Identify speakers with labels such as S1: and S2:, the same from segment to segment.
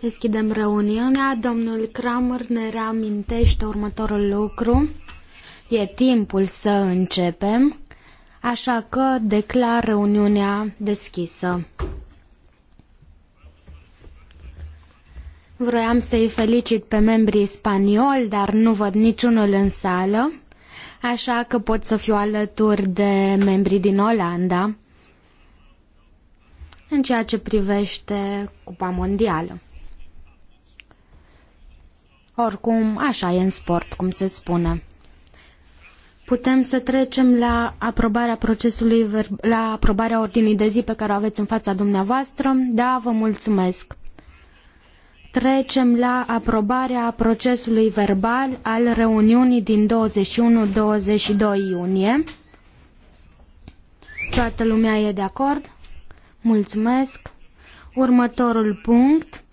S1: Deschidem reuniunea. Domnul Kramer ne reamintește următorul lucru. E timpul să începem, așa că declar reuniunea deschisă. Vroiam să-i felicit pe membrii spanioli, dar nu văd niciunul în sală, așa că pot să fiu alături de membrii din Olanda în ceea ce privește Cupa Mondială. Oricum, așa e în sport, cum se spune. Putem să trecem la aprobarea procesului, la aprobarea ordinii de zi pe care o aveți în fața dumneavoastră. Da, vă mulțumesc. Trecem la aprobarea procesului verbal al reuniunii din 21-22 iunie. Toată lumea e de acord? Mulțumesc. Următorul punct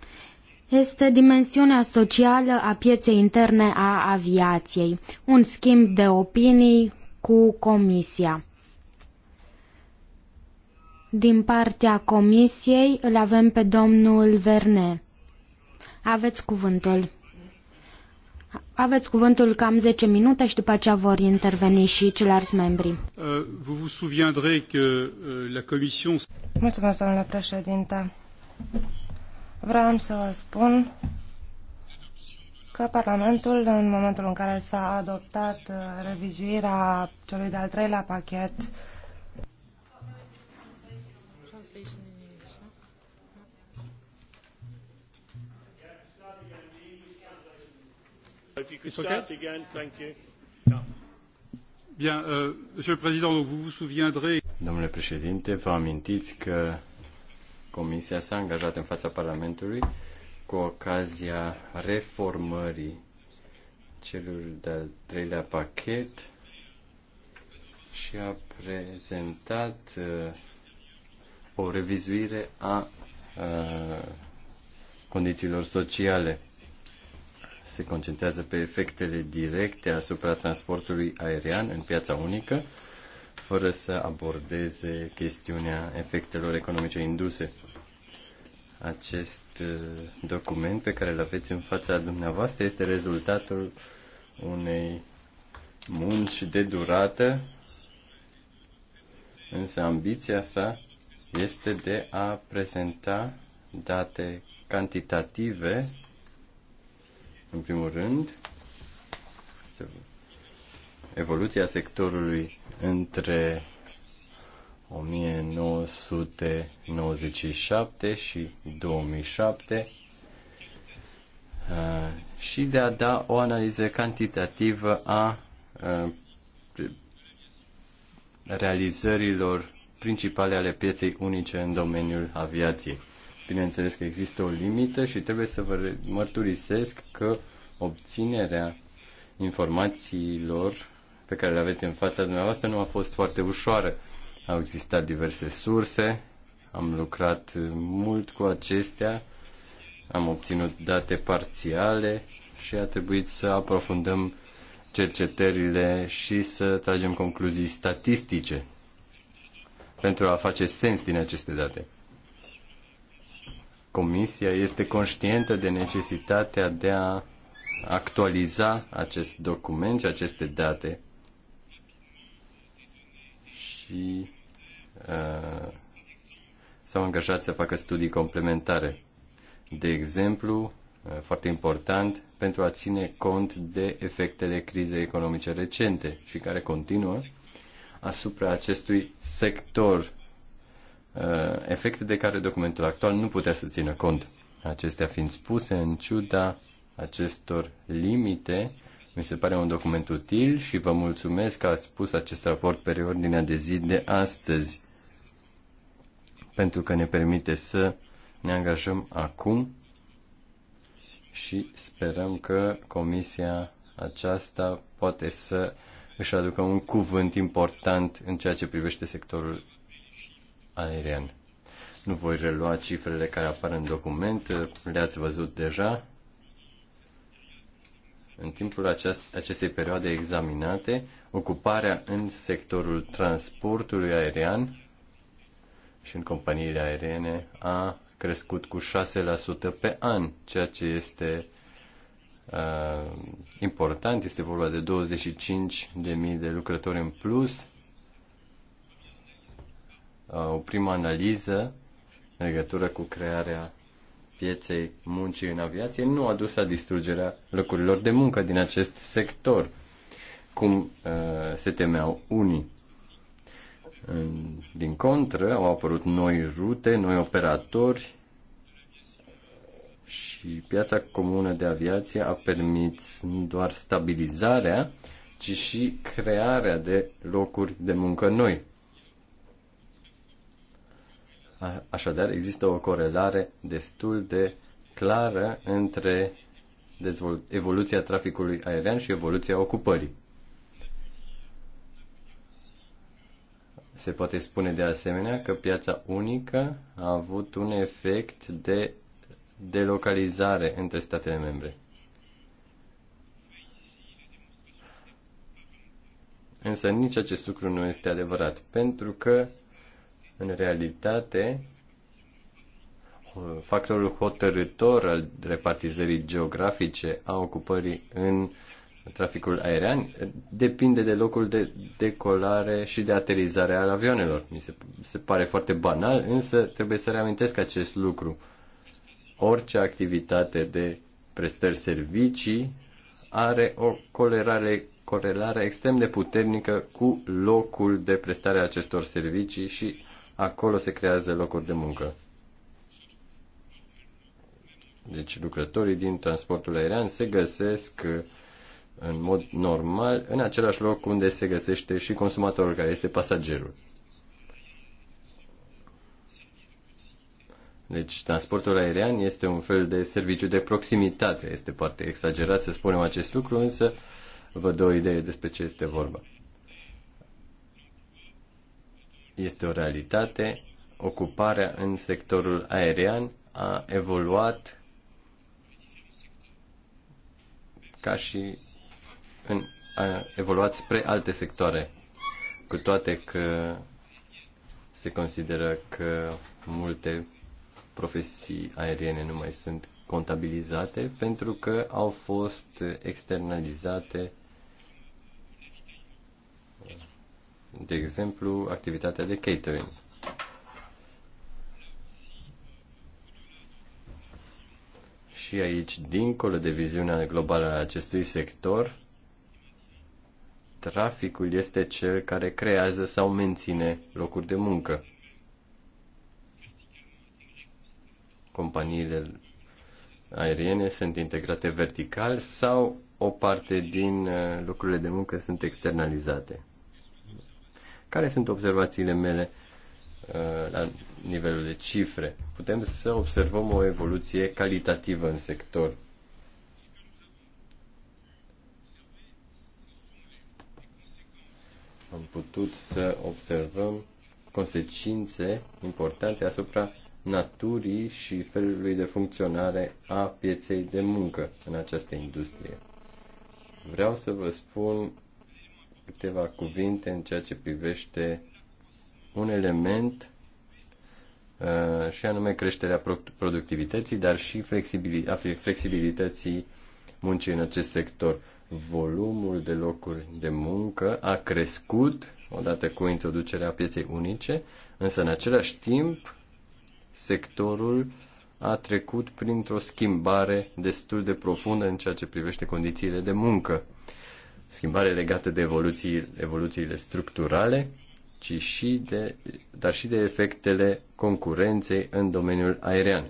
S1: este dimensiunea socială a pieței interne a aviației. Un schimb de opinii cu Comisia. Din partea Comisiei îl avem pe domnul Verne. Aveți cuvântul. Aveți cuvântul cam 10 minute și după aceea vor interveni și ceilalți membri. Uh, vă vous souviendrez că uh, la commission...
S2: Mulțumesc, domnule președinte. Vreau să vă spun că Parlamentul, în momentul în care s-a adoptat uh, revizuirea celui de-al treilea pachet
S3: Domnule președinte, vă amintiți că Comisia s-a angajat în fața Parlamentului cu ocazia reformării celor de-al treilea pachet și a prezentat uh, o revizuire a uh, condițiilor sociale se concentrează pe efectele directe asupra transportului aerian în piața unică, fără să abordeze chestiunea efectelor economice induse. Acest uh, document pe care îl aveți în fața dumneavoastră este rezultatul unei munci de durată, însă ambiția sa este de a prezenta date cantitative în primul rând, evoluția sectorului între 1997 și 2007 uh, și de a da o analiză cantitativă a uh, realizărilor principale ale pieței unice în domeniul aviației. Bineînțeles că există o limită și trebuie să vă mărturisesc că obținerea informațiilor pe care le aveți în fața dumneavoastră nu a fost foarte ușoară. Au existat diverse surse, am lucrat mult cu acestea, am obținut date parțiale și a trebuit să aprofundăm cercetările și să tragem concluzii statistice pentru a face sens din aceste date. Comisia este conștientă de necesitatea de a actualiza acest document și aceste date și uh, s-au angajat să facă studii complementare. De exemplu, uh, foarte important, pentru a ține cont de efectele crizei economice recente și care continuă asupra acestui sector Uh, efecte de care documentul actual nu putea să țină cont. Acestea fiind spuse, în ciuda acestor limite, mi se pare un document util și vă mulțumesc că ați pus acest raport pe ordinea de zi de astăzi, pentru că ne permite să ne angajăm acum și sperăm că comisia aceasta poate să își aducă un cuvânt important în ceea ce privește sectorul aerian. Nu voi relua cifrele care apar în document, le-ați văzut deja. În timpul aceast- acestei perioade examinate, ocuparea în sectorul transportului aerian și în companiile aeriene a crescut cu 6% pe an, ceea ce este uh, important. Este vorba de 25.000 de lucrători în plus Uh, o primă analiză în legătură cu crearea pieței muncii în aviație nu a dus la distrugerea locurilor de muncă din acest sector, cum uh, se temeau unii. Din contră, au apărut noi rute, noi operatori și piața comună de aviație a permis nu doar stabilizarea, ci și crearea de locuri de muncă noi. Așadar, există o corelare destul de clară între evoluția traficului aerian și evoluția ocupării. Se poate spune de asemenea că piața unică a avut un efect de delocalizare între statele membre. Însă nici acest lucru nu este adevărat, pentru că în realitate, factorul hotărător al repartizării geografice a ocupării în traficul aerian depinde de locul de decolare și de aterizare al avionelor. Mi se, se pare foarte banal, însă trebuie să reamintesc acest lucru. Orice activitate de prestări servicii are o colerare, corelare extrem de puternică cu locul de prestare a acestor servicii și acolo se creează locuri de muncă. Deci lucrătorii din transportul aerian se găsesc în mod normal în același loc unde se găsește și consumatorul care este pasagerul. Deci transportul aerian este un fel de serviciu de proximitate. Este foarte exagerat să spunem acest lucru, însă vă dau o idee despre ce este vorba este o realitate. Ocuparea în sectorul aerian a evoluat ca și în, a evoluat spre alte sectoare, cu toate că se consideră că multe profesii aeriene nu mai sunt contabilizate pentru că au fost externalizate de exemplu, activitatea de catering. Și aici, dincolo de viziunea globală a acestui sector, traficul este cel care creează sau menține locuri de muncă. Companiile aeriene sunt integrate vertical sau o parte din uh, lucrurile de muncă sunt externalizate. Care sunt observațiile mele uh, la nivelul de cifre? Putem să observăm o evoluție calitativă în sector. Am putut să observăm consecințe importante asupra naturii și felului de funcționare a pieței de muncă în această industrie. Vreau să vă spun câteva cuvinte în ceea ce privește un element uh, și anume creșterea productivității, dar și flexibilității muncii în acest sector. Volumul de locuri de muncă a crescut odată cu introducerea pieței unice, însă în același timp sectorul a trecut printr-o schimbare destul de profundă în ceea ce privește condițiile de muncă schimbare legată de evoluții, evoluțiile structurale, ci și de, dar și de efectele concurenței în domeniul aerian,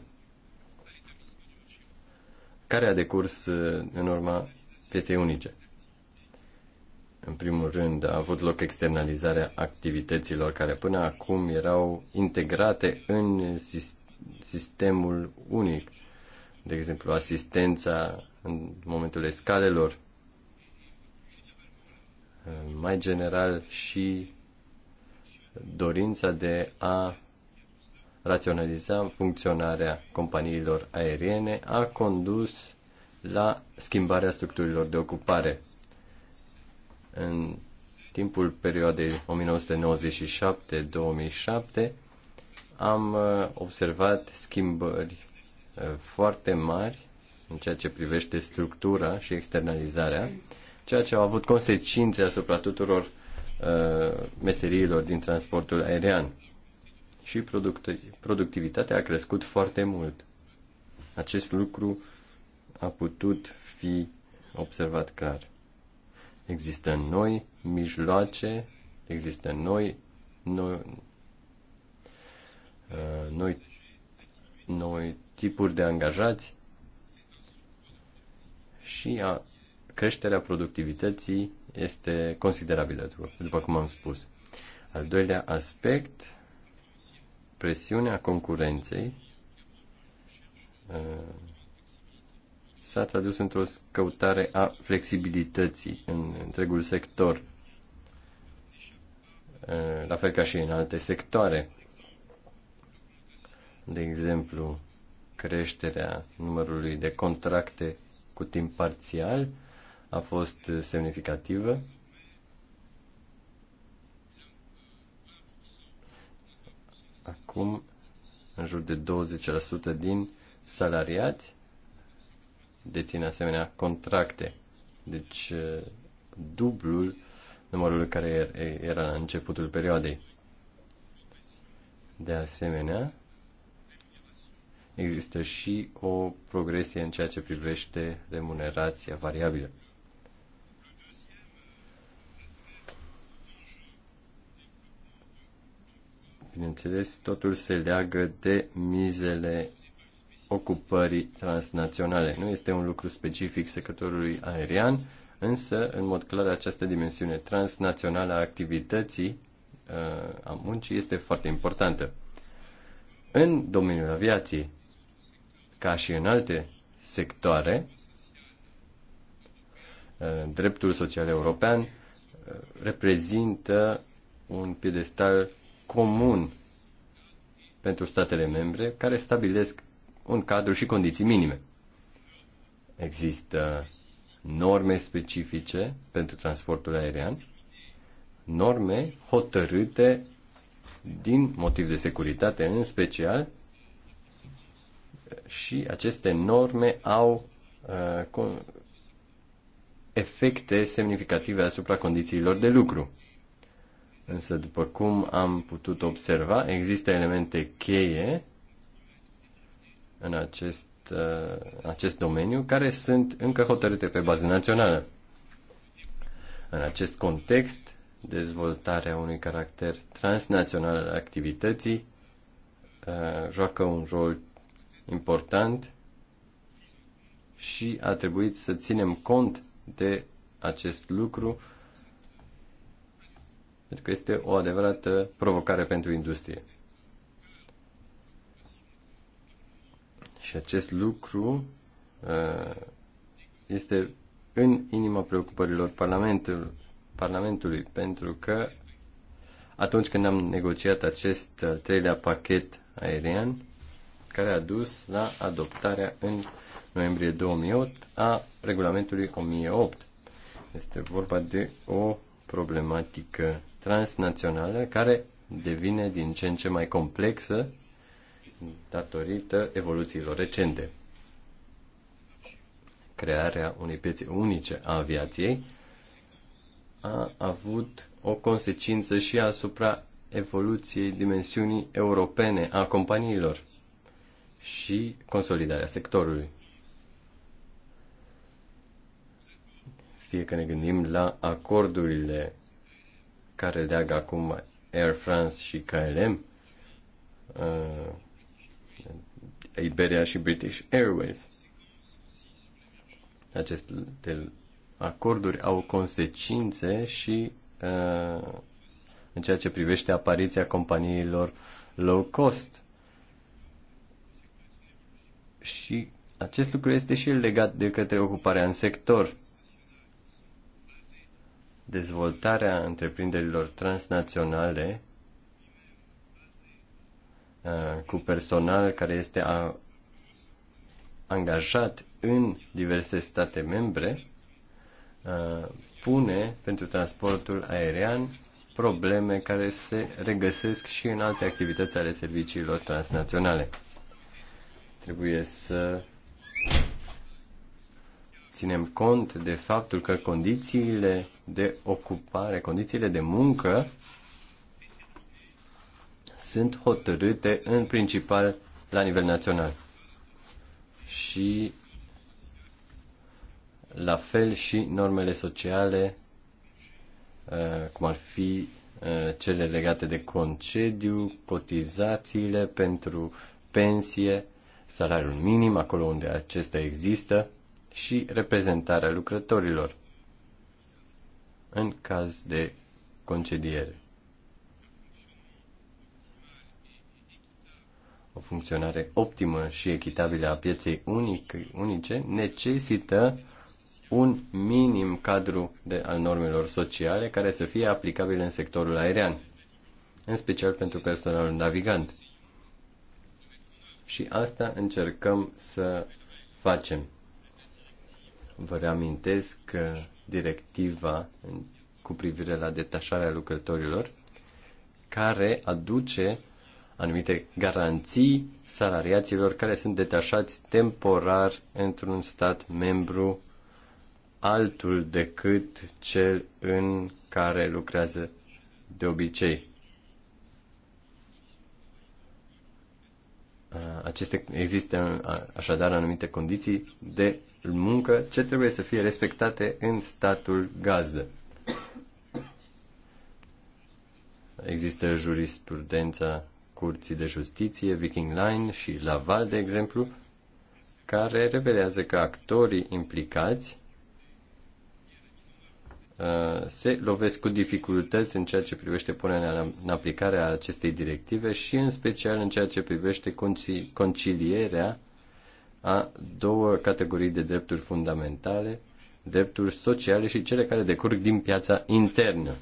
S3: care a decurs uh, în urma pieței unice. În primul rând, a avut loc externalizarea activităților care până acum erau integrate în sistemul unic. De exemplu, asistența în momentul escalelor, mai general și dorința de a raționaliza funcționarea companiilor aeriene a condus la schimbarea structurilor de ocupare. În timpul perioadei 1997-2007 am uh, observat schimbări uh, foarte mari în ceea ce privește structura și externalizarea ceea ce au avut consecințe asupra tuturor uh, meseriilor din transportul aerian. Și productivitatea a crescut foarte mult. Acest lucru a putut fi observat clar. Există noi mijloace, există noi, noi, uh, noi, noi tipuri de angajați și a creșterea productivității este considerabilă, după cum am spus. Al doilea aspect, presiunea concurenței uh, s-a tradus într-o căutare a flexibilității în întregul sector, uh, la fel ca și în alte sectoare. De exemplu, creșterea numărului de contracte cu timp parțial a fost semnificativă. Acum, în jur de 20% din salariați dețin asemenea contracte. Deci, dublul numărul care er, era la începutul perioadei. De asemenea, există și o progresie în ceea ce privește remunerația variabilă. Bineînțeles, totul se leagă de mizele ocupării transnaționale. Nu este un lucru specific sectorului aerian, însă, în mod clar, această dimensiune transnațională a activității uh, a muncii este foarte importantă. În domeniul aviației, ca și în alte sectoare, uh, dreptul social european uh, reprezintă un piedestal comun pentru statele membre care stabilesc un cadru și condiții minime. Există norme specifice pentru transportul aerian, norme hotărâte din motiv de securitate în special și aceste norme au uh, efecte semnificative asupra condițiilor de lucru. Însă, după cum am putut observa, există elemente cheie în acest, uh, acest domeniu care sunt încă hotărâte pe bază națională. În acest context, dezvoltarea unui caracter transnațional al activității uh, joacă un rol important și a trebuit să ținem cont de acest lucru pentru că este o adevărată provocare pentru industrie. Și acest lucru uh, este în inima preocupărilor Parlamentului, Parlamentului pentru că atunci când am negociat acest al treilea pachet aerian, care a dus la adoptarea în noiembrie 2008 a regulamentului 1008. Este vorba de o problematică transnațională care devine din ce în ce mai complexă datorită evoluțiilor recente. Crearea unei piețe unice a aviației a avut o consecință și asupra evoluției dimensiunii europene a companiilor și consolidarea sectorului. Fie că ne gândim la acordurile care leagă acum Air France și KLM, uh, Iberia și British Airways. Aceste acorduri au consecințe și uh, în ceea ce privește apariția companiilor low cost. Și acest lucru este și legat de către ocuparea în sector dezvoltarea întreprinderilor transnaționale uh, cu personal care este a, angajat în diverse state membre uh, pune pentru transportul aerian probleme care se regăsesc și în alte activități ale serviciilor transnaționale. Trebuie să ținem cont de faptul că condițiile de ocupare, condițiile de muncă sunt hotărâte în principal la nivel național. Și la fel și normele sociale, uh, cum ar fi uh, cele legate de concediu, cotizațiile pentru pensie, salariul minim, acolo unde acesta există, și reprezentarea lucrătorilor în caz de concediere. O funcționare optimă și echitabilă a pieței unice necesită un minim cadru de, al normelor sociale care să fie aplicabil în sectorul aerian, în special pentru personalul navigant. Și asta încercăm să facem. Vă reamintesc că directiva cu privire la detașarea lucrătorilor, care aduce anumite garanții salariaților care sunt detașați temporar într-un stat membru altul decât cel în care lucrează de obicei. Aceste, există așadar anumite condiții de muncă ce trebuie să fie respectate în statul gazdă. Există jurisprudența Curții de Justiție, Viking Line și Laval, de exemplu, care revelează că actorii implicați uh, se lovesc cu dificultăți în ceea ce privește punerea în aplicare a acestei directive și în special în ceea ce privește concilierea a două categorii de drepturi fundamentale, drepturi sociale și cele care decurg din piața internă.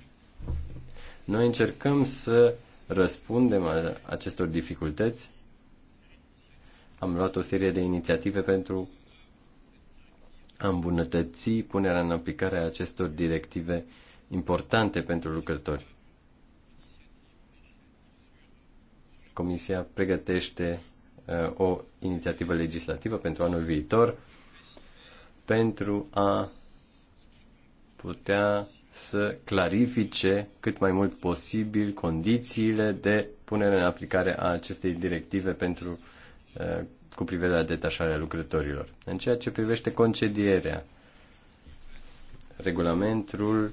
S3: Noi încercăm să răspundem acestor dificultăți. Am luat o serie de inițiative pentru a îmbunătăți punerea în aplicare a acestor directive importante pentru lucrători. Comisia pregătește Uh, o inițiativă legislativă pentru anul viitor pentru a putea să clarifice cât mai mult posibil condițiile de punere în aplicare a acestei directive pentru uh, cu privire la detașarea lucrătorilor. În ceea ce privește concedierea, regulamentul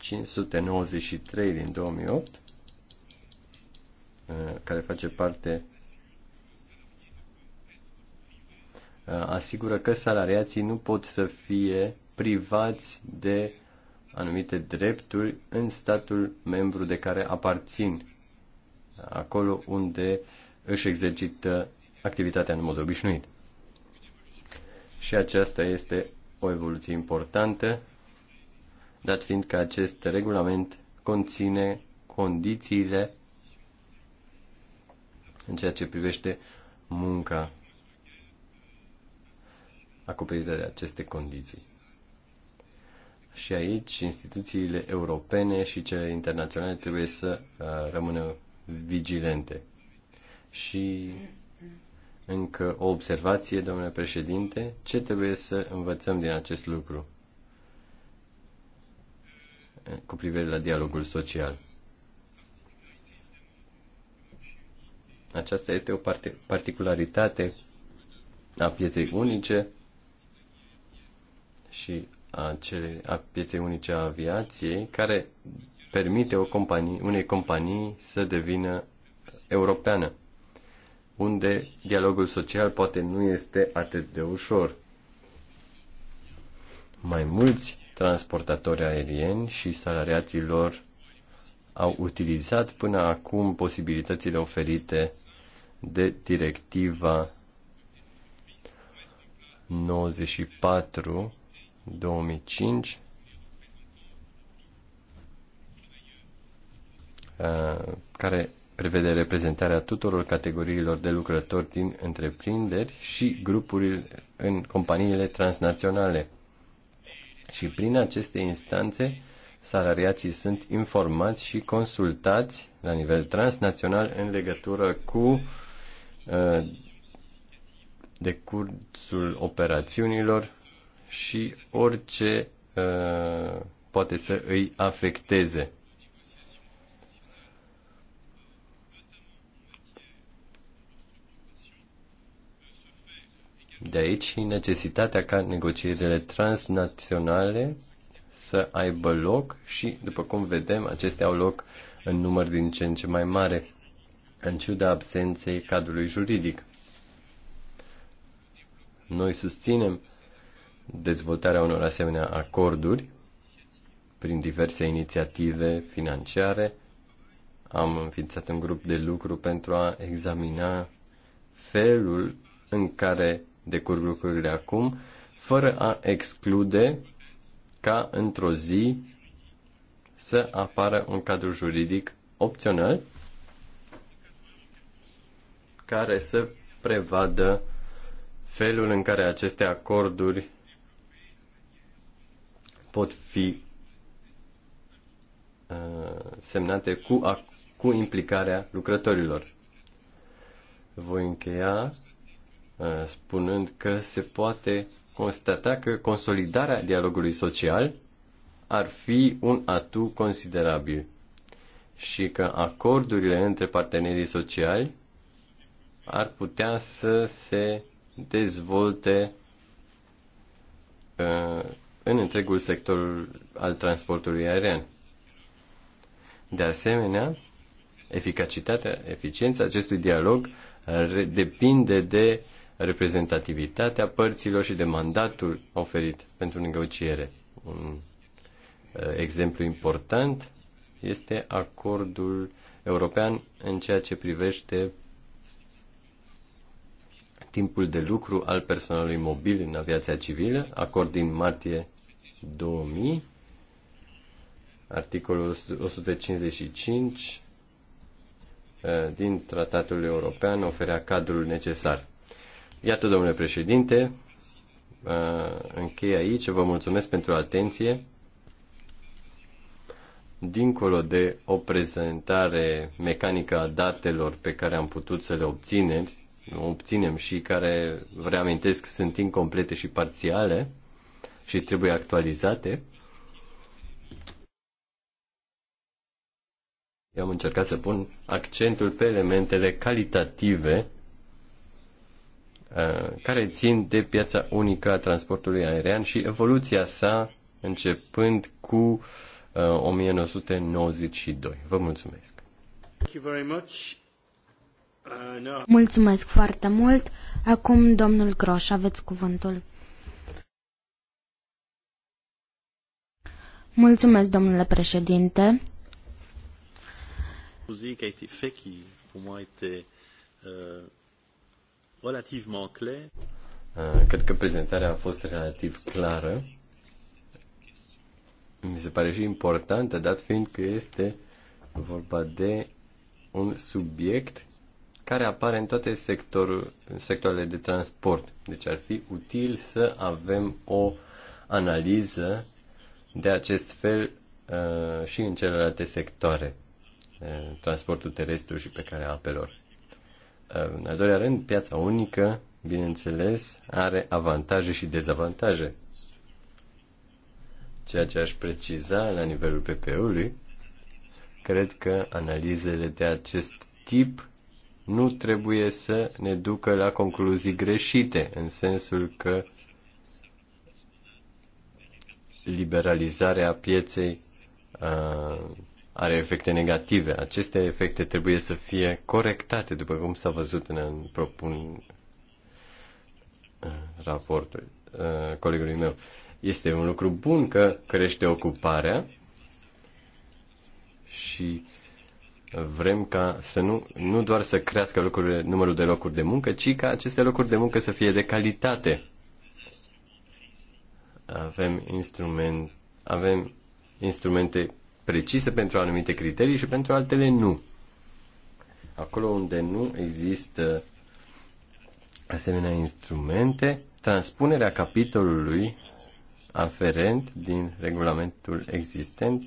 S3: 593 din 2008, uh, care face parte Uh, asigură că salariații nu pot să fie privați de anumite drepturi în statul membru de care aparțin, acolo unde își exercită activitatea în mod obișnuit. Și aceasta este o evoluție importantă, dat fiind că acest regulament conține condițiile în ceea ce privește munca acoperite de aceste condiții. Și aici instituțiile europene și cele internaționale trebuie să uh, rămână vigilente. Și încă o observație, domnule președinte, ce trebuie să învățăm din acest lucru cu privire la dialogul social. Aceasta este o particularitate a pieței unice și a, cele, a pieței unice a aviației, care permite o companie, unei companii să devină europeană, unde dialogul social poate nu este atât de ușor. Mai mulți transportatori aerieni și salariații lor au utilizat până acum posibilitățile oferite de directiva 94 2005 care prevede reprezentarea tuturor categoriilor de lucrători din întreprinderi și grupuri în companiile transnaționale. Și prin aceste instanțe, salariații sunt informați și consultați la nivel transnațional în legătură cu decursul operațiunilor și orice uh, poate să îi afecteze. De aici și necesitatea ca negocierile transnaționale să aibă loc și, după cum vedem, acestea au loc în număr din ce în ce mai mare, în ciuda absenței cadrului juridic. Noi susținem dezvoltarea unor asemenea acorduri prin diverse inițiative financiare. Am înființat un grup de lucru pentru a examina felul în care decurg lucrurile acum, fără a exclude ca într-o zi să apară un cadru juridic opțional care să prevadă felul în care aceste acorduri pot fi uh, semnate cu, a, cu implicarea lucrătorilor. Voi încheia uh, spunând că se poate constata că consolidarea dialogului social ar fi un atu considerabil și că acordurile între partenerii sociali ar putea să se dezvolte uh, în întregul sector al transportului aerian. De asemenea, eficacitatea, eficiența acestui dialog depinde de reprezentativitatea părților și de mandatul oferit pentru negociere. Un uh, exemplu important este acordul european în ceea ce privește timpul de lucru al personalului mobil în aviația civilă, acord din martie 2000, articolul 155 uh, din Tratatul European oferea cadrul necesar. Iată, domnule președinte, uh, închei aici. Vă mulțumesc pentru atenție. Dincolo de o prezentare mecanică a datelor pe care am putut să le obținem, obținem și care, vă reamintesc, sunt incomplete și parțiale și trebuie actualizate. Eu am încercat să pun accentul pe elementele calitative uh, care țin de piața unică a transportului aerian și evoluția sa începând cu 1992. Uh, vă mulțumesc! Thank you very much.
S1: Mulțumesc foarte mult. Acum, domnul Groș, aveți cuvântul. Mulțumesc, domnule președinte.
S3: Muzica a été fait qui, pour moi, Cred că prezentarea a fost relativ clară. Mi se pare și importantă, dat fiind că este vorba de un subiect care apare în toate sectorul, în sectoarele de transport. Deci ar fi util să avem o analiză de acest fel uh, și în celelalte sectoare, uh, transportul terestru și pe care apelor. Uh, în al doilea rând, piața unică, bineînțeles, are avantaje și dezavantaje. Ceea ce aș preciza la nivelul PPE-ului, cred că analizele de acest tip nu trebuie să ne ducă la concluzii greșite, în sensul că liberalizarea pieței uh, are efecte negative. Aceste efecte trebuie să fie corectate, după cum s-a văzut în, propun uh, raportul uh, colegului meu. Este un lucru bun că crește ocuparea și Vrem ca să nu, nu doar să crească locurile, numărul de locuri de muncă, ci ca aceste locuri de muncă să fie de calitate. Avem, instrument, avem instrumente precise pentru anumite criterii și pentru altele nu. Acolo unde nu există asemenea instrumente, transpunerea capitolului aferent din regulamentul existent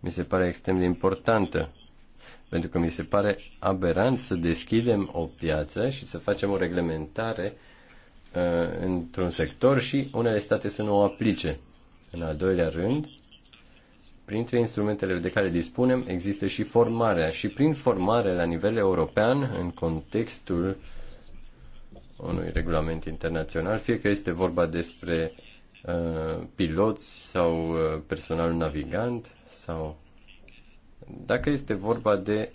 S3: mi se pare extrem de importantă pentru că mi se pare aberant să deschidem o piață și să facem o reglementare uh, într-un sector și unele state să nu o aplice. În al doilea rând, printre instrumentele de care dispunem există și formarea și prin formare la nivel european în contextul unui regulament internațional, fie că este vorba despre uh, piloți sau uh, personal navigant sau dacă este vorba de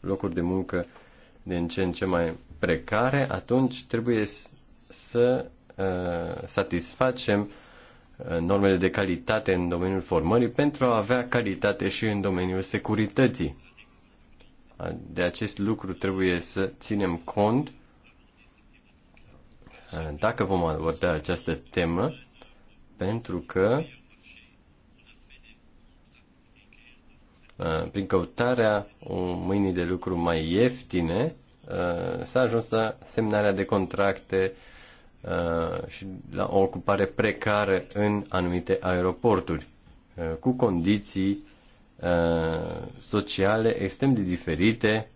S3: locuri de muncă din ce în ce mai precare, atunci trebuie să uh, satisfacem uh, normele de calitate în domeniul formării pentru a avea calitate și în domeniul securității. De acest lucru trebuie să ținem cont uh, dacă vom aborda această temă, pentru că Uh, prin căutarea mâinii de lucru mai ieftine, uh, s-a ajuns la semnarea de contracte uh, și la o ocupare precară în anumite aeroporturi, cu condiții sociale extrem de diferite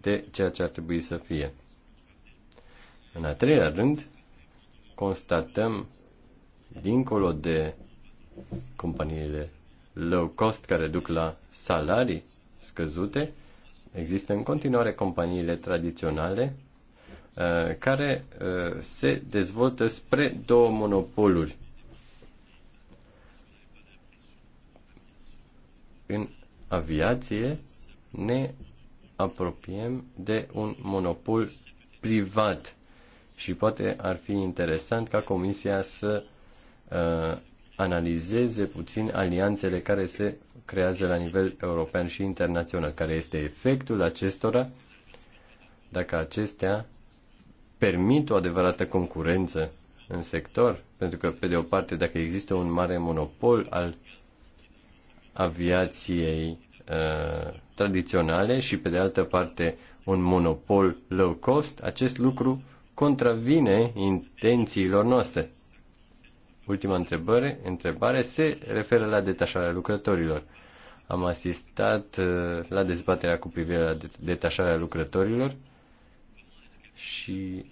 S3: de ceea ce ar trebui să fie. În a treilea rând, constatăm, dincolo de companiile low cost care duc la salarii scăzute, există în continuare companiile tradiționale uh, care uh, se dezvoltă spre două monopoluri. În aviație ne apropiem de un monopol privat și poate ar fi interesant ca Comisia să uh, analizeze puțin alianțele care se creează la nivel european și internațional, care este efectul acestora, dacă acestea permit o adevărată concurență în sector, pentru că, pe de o parte, dacă există un mare monopol al aviației uh, tradiționale și, pe de altă parte, un monopol low cost, acest lucru contravine intențiilor noastre. Ultima întrebare, întrebare se referă la detașarea lucrătorilor. Am asistat uh, la dezbaterea cu privire la detașarea lucrătorilor și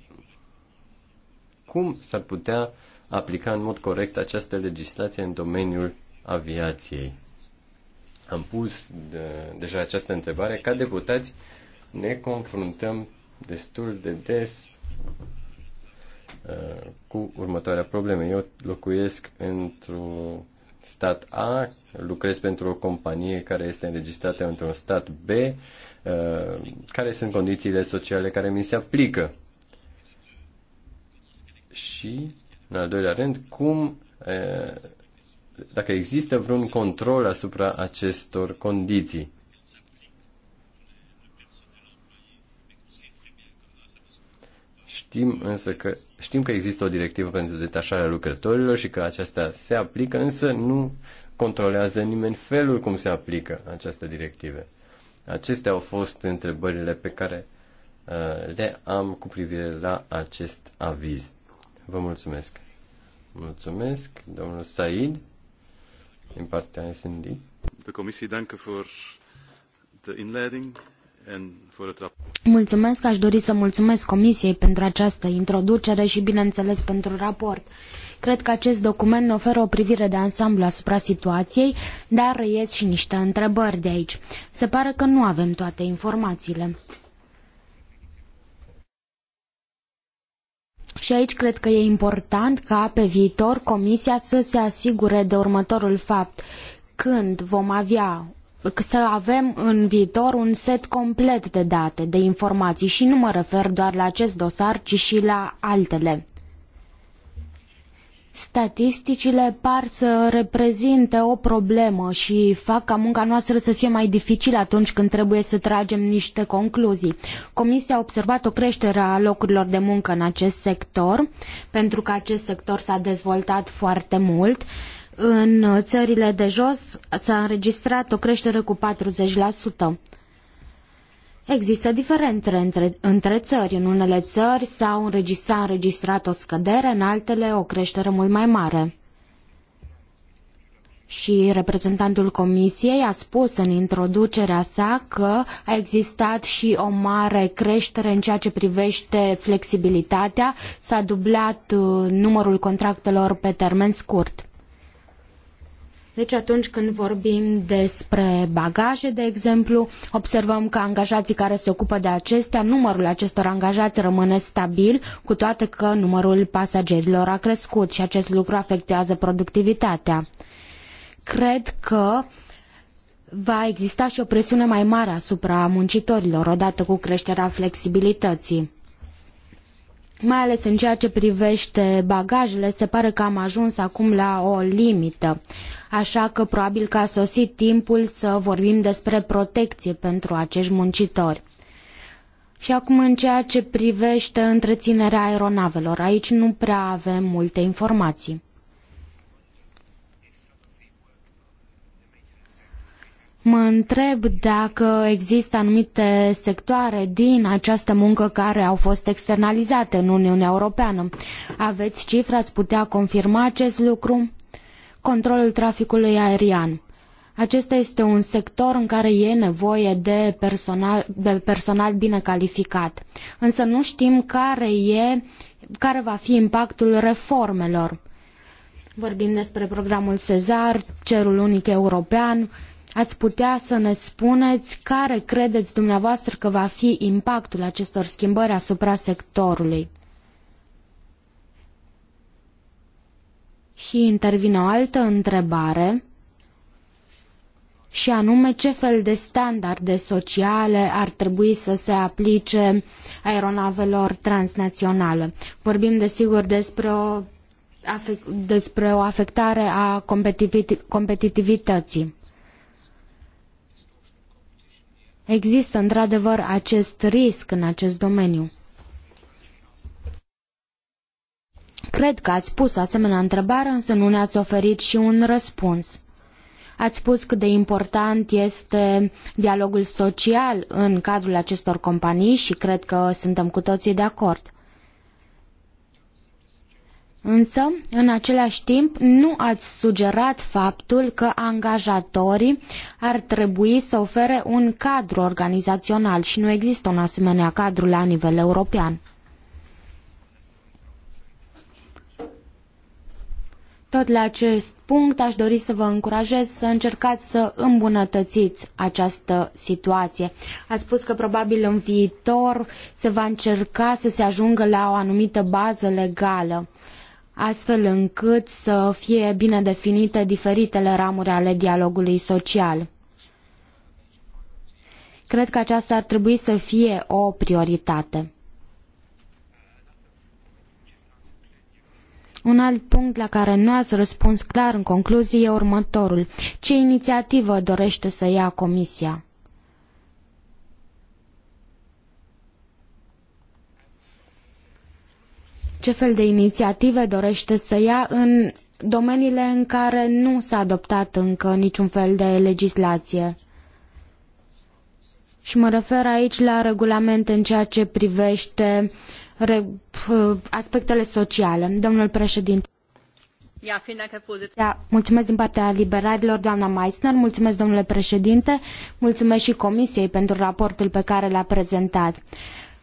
S3: cum s-ar putea aplica în mod corect această legislație în domeniul aviației. Am pus de, deja această întrebare. Ca deputați ne confruntăm destul de des Uh, cu următoarea problemă. Eu locuiesc într-un stat A, lucrez pentru o companie care este înregistrată într-un stat B, uh, care sunt condițiile sociale care mi se aplică. Și, în al doilea rând, cum, uh, dacă există vreun control asupra acestor condiții. Știm însă că, știm că există o directivă pentru detașarea lucrătorilor și că aceasta se aplică, însă nu controlează nimeni felul cum se aplică această directivă. Acestea au fost întrebările pe care uh, le am cu privire la acest aviz. Vă mulțumesc. Mulțumesc, domnul Said, din partea SND. De comisie, danke voor de inleiding.
S1: Mulțumesc, aș dori să mulțumesc Comisiei pentru această introducere și, bineînțeles, pentru raport. Cred că acest document ne oferă o privire de ansamblu asupra situației, dar răiesc și niște întrebări de aici. Se pare că nu avem toate informațiile. Și aici cred că e important ca pe viitor Comisia să se asigure de următorul fapt. Când vom avea să avem în viitor un set complet de date, de informații și nu mă refer doar la acest dosar, ci și la altele. Statisticile par să reprezinte o problemă și fac ca munca noastră să fie mai dificilă atunci când trebuie să tragem niște concluzii. Comisia a observat o creștere a locurilor de muncă în acest sector, pentru că acest sector s-a dezvoltat foarte mult în țările de jos s-a înregistrat o creștere cu 40%. Există diferențe între, între țări. În unele țări s-a înregistrat, înregistrat o scădere, în altele o creștere mult mai mare. Și reprezentantul Comisiei a spus în introducerea sa că a existat și o mare creștere în ceea ce privește flexibilitatea, s-a dublat uh, numărul contractelor pe termen scurt. Deci atunci când vorbim despre bagaje, de exemplu, observăm că angajații care se ocupă de acestea, numărul acestor angajați rămâne stabil, cu toate că numărul pasagerilor a crescut și acest lucru afectează productivitatea. Cred că va exista și o presiune mai mare asupra muncitorilor odată cu creșterea flexibilității mai ales în ceea ce privește bagajele, se pare că am ajuns acum la o limită. Așa că probabil că a sosit timpul să vorbim despre protecție pentru acești muncitori. Și acum în ceea ce privește întreținerea aeronavelor, aici nu prea avem multe informații. Mă întreb dacă există anumite sectoare din această muncă care au fost externalizate în Uniunea Europeană. Aveți cifre, ați putea confirma acest lucru? Controlul traficului aerian. Acesta este un sector în care e nevoie de personal, de personal bine calificat. Însă nu știm care, e, care va fi impactul reformelor. Vorbim despre programul Cezar, Cerul Unic European, Ați putea să ne spuneți care credeți dumneavoastră că va fi impactul acestor schimbări asupra sectorului? Și intervine o altă întrebare și anume ce fel de standarde sociale ar trebui să se aplice aeronavelor transnaționale. Vorbim desigur despre o, despre o afectare a competitivității. Există într-adevăr acest risc în acest domeniu. Cred că ați pus o asemenea întrebare, însă nu ne-ați oferit și un răspuns. Ați spus cât de important este dialogul social în cadrul acestor companii și cred că suntem cu toții de acord. Însă, în același timp, nu ați sugerat faptul că angajatorii ar trebui să ofere un cadru organizațional și nu există un asemenea cadru la nivel european. Tot la acest punct aș dori să vă încurajez să încercați să îmbunătățiți această situație. Ați spus că probabil în viitor se va încerca să se ajungă la o anumită bază legală astfel încât să fie bine definite diferitele ramuri ale dialogului social. Cred că aceasta ar trebui să fie o prioritate. Un alt punct la care nu ați răspuns clar în concluzie e următorul. Ce inițiativă dorește să ia Comisia? ce fel de inițiative dorește să ia în domeniile în care nu s-a adoptat încă niciun fel de legislație. Și mă refer aici la regulamente în ceea ce privește aspectele sociale. Domnul președinte. Da, mulțumesc din partea liberalilor, doamna Meissner, mulțumesc domnule președinte, mulțumesc și comisiei pentru raportul pe care l-a prezentat.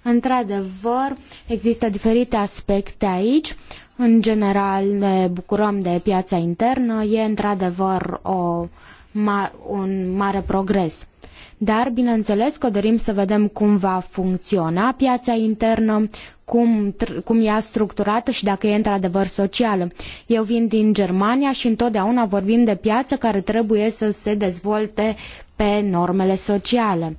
S1: Într-adevăr, există diferite aspecte aici. În general, ne bucurăm de piața internă. E într-adevăr o, un mare progres dar bineînțeles că dorim să vedem cum va funcționa piața internă, cum, cum ea structurată și dacă e într-adevăr socială. Eu vin din Germania și întotdeauna vorbim de piață care trebuie să se dezvolte pe normele sociale.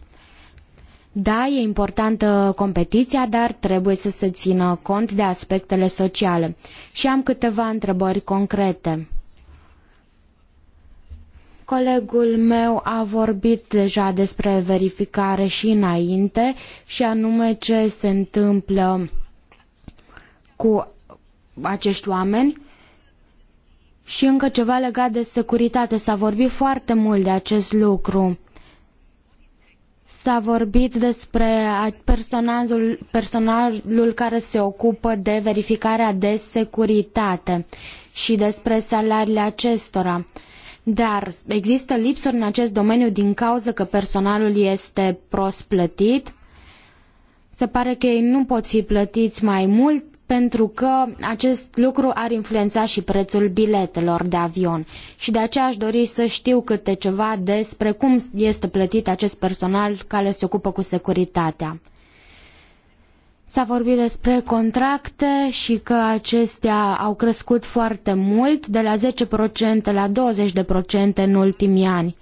S1: Da, e importantă competiția, dar trebuie să se țină cont de aspectele sociale. Și am câteva întrebări concrete. Colegul meu a vorbit deja despre verificare și înainte, și anume ce se întâmplă cu acești oameni. Și încă ceva legat de securitate. S-a vorbit foarte mult de acest lucru. S-a vorbit despre personajul, personalul care se ocupă de verificarea de securitate și despre salariile acestora. Dar există lipsuri în acest domeniu din cauza că personalul este prost plătit? Se pare că ei nu pot fi plătiți mai mult pentru că acest lucru ar influența și prețul biletelor de avion. Și de aceea aș dori să știu câte ceva despre cum este plătit acest personal care se ocupă cu securitatea. S-a vorbit despre contracte și că acestea au crescut foarte mult, de la 10% la 20% în ultimii ani.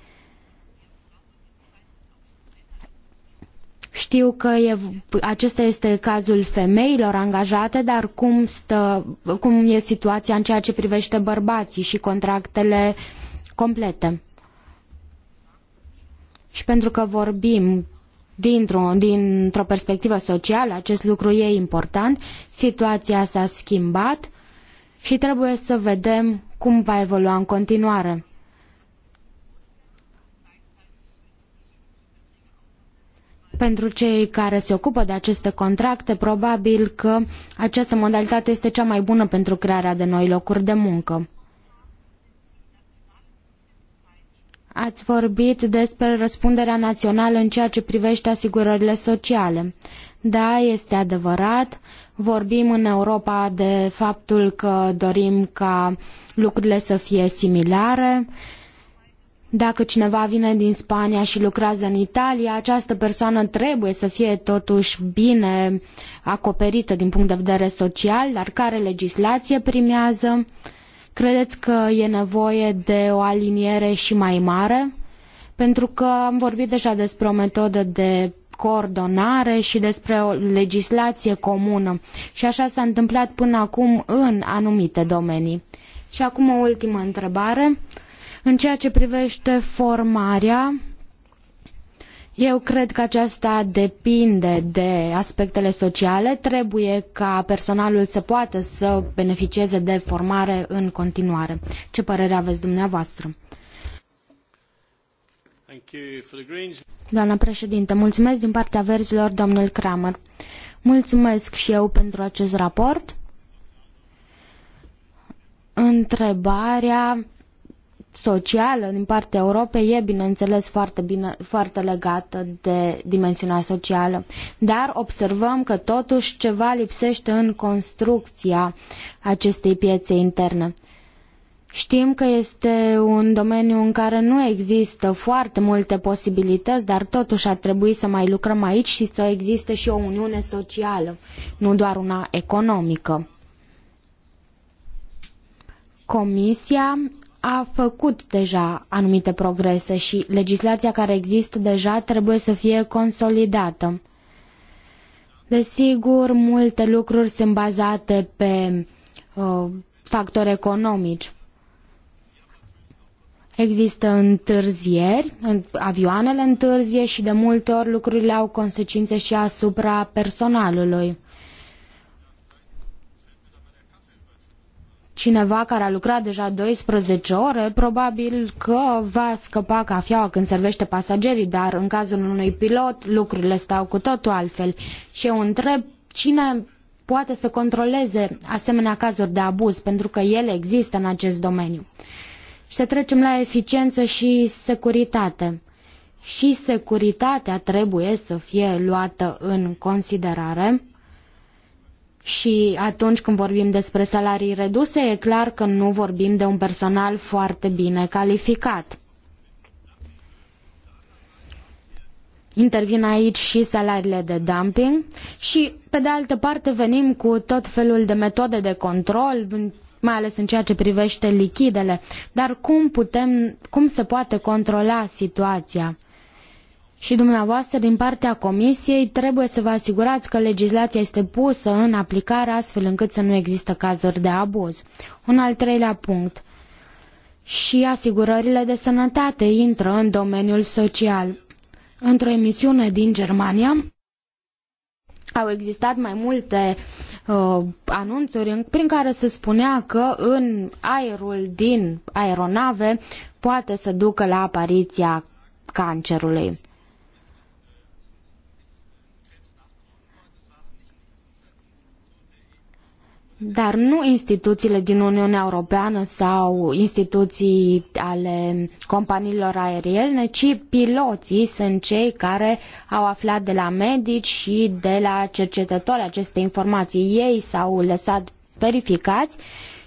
S1: Știu că e, acesta este cazul femeilor angajate, dar cum, stă, cum e situația în ceea ce privește bărbații și contractele complete? Și pentru că vorbim dintr-o, dintr-o perspectivă socială, acest lucru e important, situația s-a schimbat și trebuie să vedem cum va evolua în continuare. Pentru cei care se ocupă de aceste contracte, probabil că această modalitate este cea mai bună pentru crearea de noi locuri de muncă. Ați vorbit despre răspunderea națională în ceea ce privește asigurările sociale. Da, este adevărat. Vorbim în Europa de faptul că dorim ca lucrurile să fie similare. Uh, dacă cineva vine din Spania și lucrează în Italia, această persoană trebuie să fie totuși bine acoperită din punct de vedere social, dar care legislație primează? Credeți că e nevoie de o aliniere și mai mare? Pentru că am vorbit deja despre o metodă de coordonare și despre o legislație comună. Și așa s-a întâmplat până acum în anumite domenii. Și acum o ultimă întrebare. În ceea ce privește formarea, eu cred că aceasta depinde de aspectele sociale. Trebuie ca personalul să poată să beneficieze de formare în continuare. Ce părere aveți dumneavoastră? Doamna președinte, mulțumesc din partea verzilor, domnul Kramer. Mulțumesc și eu pentru acest raport. Întrebarea socială din partea Europei e, bineînțeles, foarte, bine, foarte legată de dimensiunea socială. Dar observăm că totuși ceva lipsește în construcția acestei piețe interne. Știm că este un domeniu în care nu există foarte multe posibilități, dar totuși ar trebui să mai lucrăm aici și să existe și o uniune socială, nu doar una economică. Comisia a făcut deja anumite progrese și legislația care există deja trebuie să fie consolidată. Desigur, multe lucruri sunt bazate pe uh, factori economici. Există întârzieri, avioanele întârzie și de multe ori lucrurile au consecințe și asupra personalului. cineva care a lucrat deja 12 ore, probabil că va scăpa cafeaua când servește pasagerii, dar în cazul unui pilot lucrurile stau cu totul altfel. Și eu întreb cine poate să controleze asemenea cazuri de abuz, pentru că ele există în acest domeniu. Și să trecem la eficiență și securitate. Și securitatea trebuie să fie luată în considerare și atunci când vorbim despre salarii reduse, e clar că nu vorbim de un personal foarte bine calificat. Intervin aici și salariile de dumping și, pe de altă parte, venim cu tot felul de metode de control, mai ales în ceea ce privește lichidele. Dar cum, putem, cum se poate controla situația? și dumneavoastră din partea Comisiei trebuie să vă asigurați că legislația este pusă în aplicare astfel încât să nu există cazuri de abuz. Un al treilea punct. Și asigurările de sănătate intră în domeniul social. Într-o emisiune din Germania au existat mai multe uh, anunțuri prin care se spunea că în aerul din aeronave poate să ducă la apariția cancerului. dar nu instituțiile din Uniunea Europeană sau instituții ale companiilor aeriene, ci piloții sunt cei care au aflat de la medici și de la cercetători aceste informații. Ei s-au lăsat verificați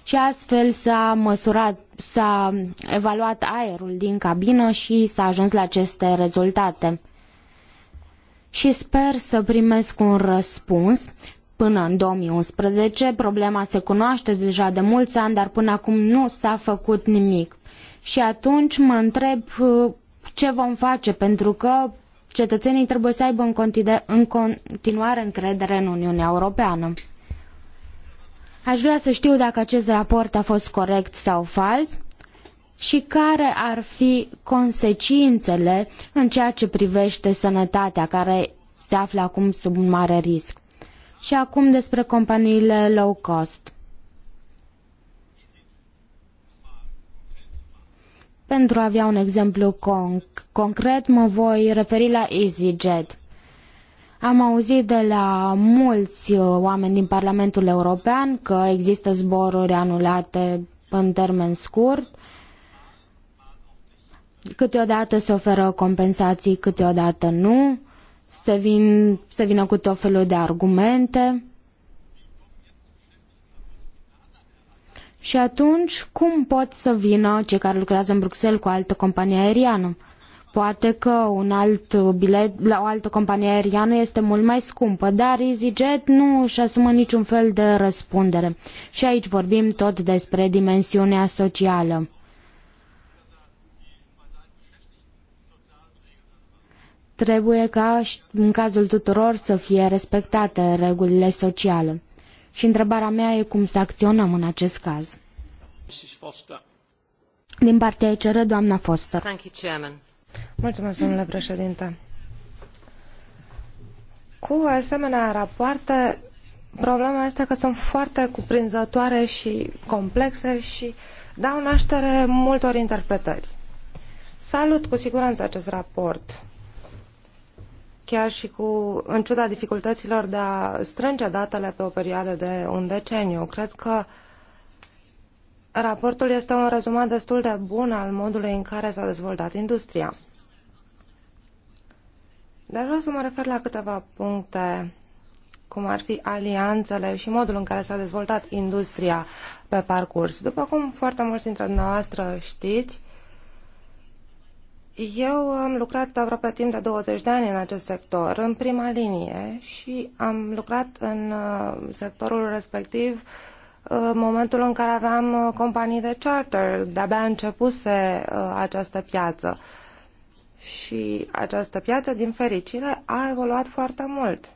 S1: și astfel s-a măsurat, s-a evaluat aerul din cabină și s-a ajuns la aceste rezultate. Și sper să primesc un răspuns până în 2011. Problema se cunoaște deja de mulți ani, dar până acum nu s-a făcut nimic. Și atunci mă întreb uh, ce vom face, pentru că cetățenii trebuie să aibă în continuare încredere în Uniunea Europeană. Aș vrea să știu dacă acest raport a fost corect sau fals și care ar fi consecințele în ceea ce privește sănătatea, care se află acum sub un mare risc. Și acum despre companiile low cost. Pentru a avea un exemplu conc concret, mă voi referi la EasyJet. Am auzit de la mulți uh, oameni din Parlamentul European că există zboruri anulate în termen scurt. Câteodată se oferă compensații, câteodată nu să, vin, să vină cu tot felul de argumente. Și atunci, cum pot să vină cei care lucrează în Bruxelles cu o altă companie aeriană? Poate că un alt bilet la o altă companie aeriană este mult mai scumpă, dar EasyJet nu își asumă niciun fel de răspundere. Și aici vorbim tot despre dimensiunea socială. Trebuie ca, în cazul tuturor, să fie respectate regulile sociale. Și întrebarea mea e cum să acționăm în acest caz. Din partea ECR, doamna Foster. Thank you, Chairman. Mulțumesc, domnule președinte.
S2: Cu asemenea rapoarte, problema este că sunt foarte cuprinzătoare și complexe și dau naștere multor interpretări. Salut cu siguranță acest raport chiar și cu, în ciuda dificultăților de a strânge datele pe o perioadă de un deceniu. Cred că raportul este un rezumat destul de bun al modului în care s-a dezvoltat industria. Dar vreau să mă refer la câteva puncte, cum ar fi alianțele și modul în care s-a dezvoltat industria pe parcurs. După cum foarte mulți dintre dumneavoastră știți, eu am lucrat aproape timp de 20 de ani în acest sector, în prima linie, și am lucrat în uh, sectorul respectiv în uh, momentul în care aveam uh, companii de charter. De-abia începuse această piață. Și această piață, din fericire, a evoluat foarte mult.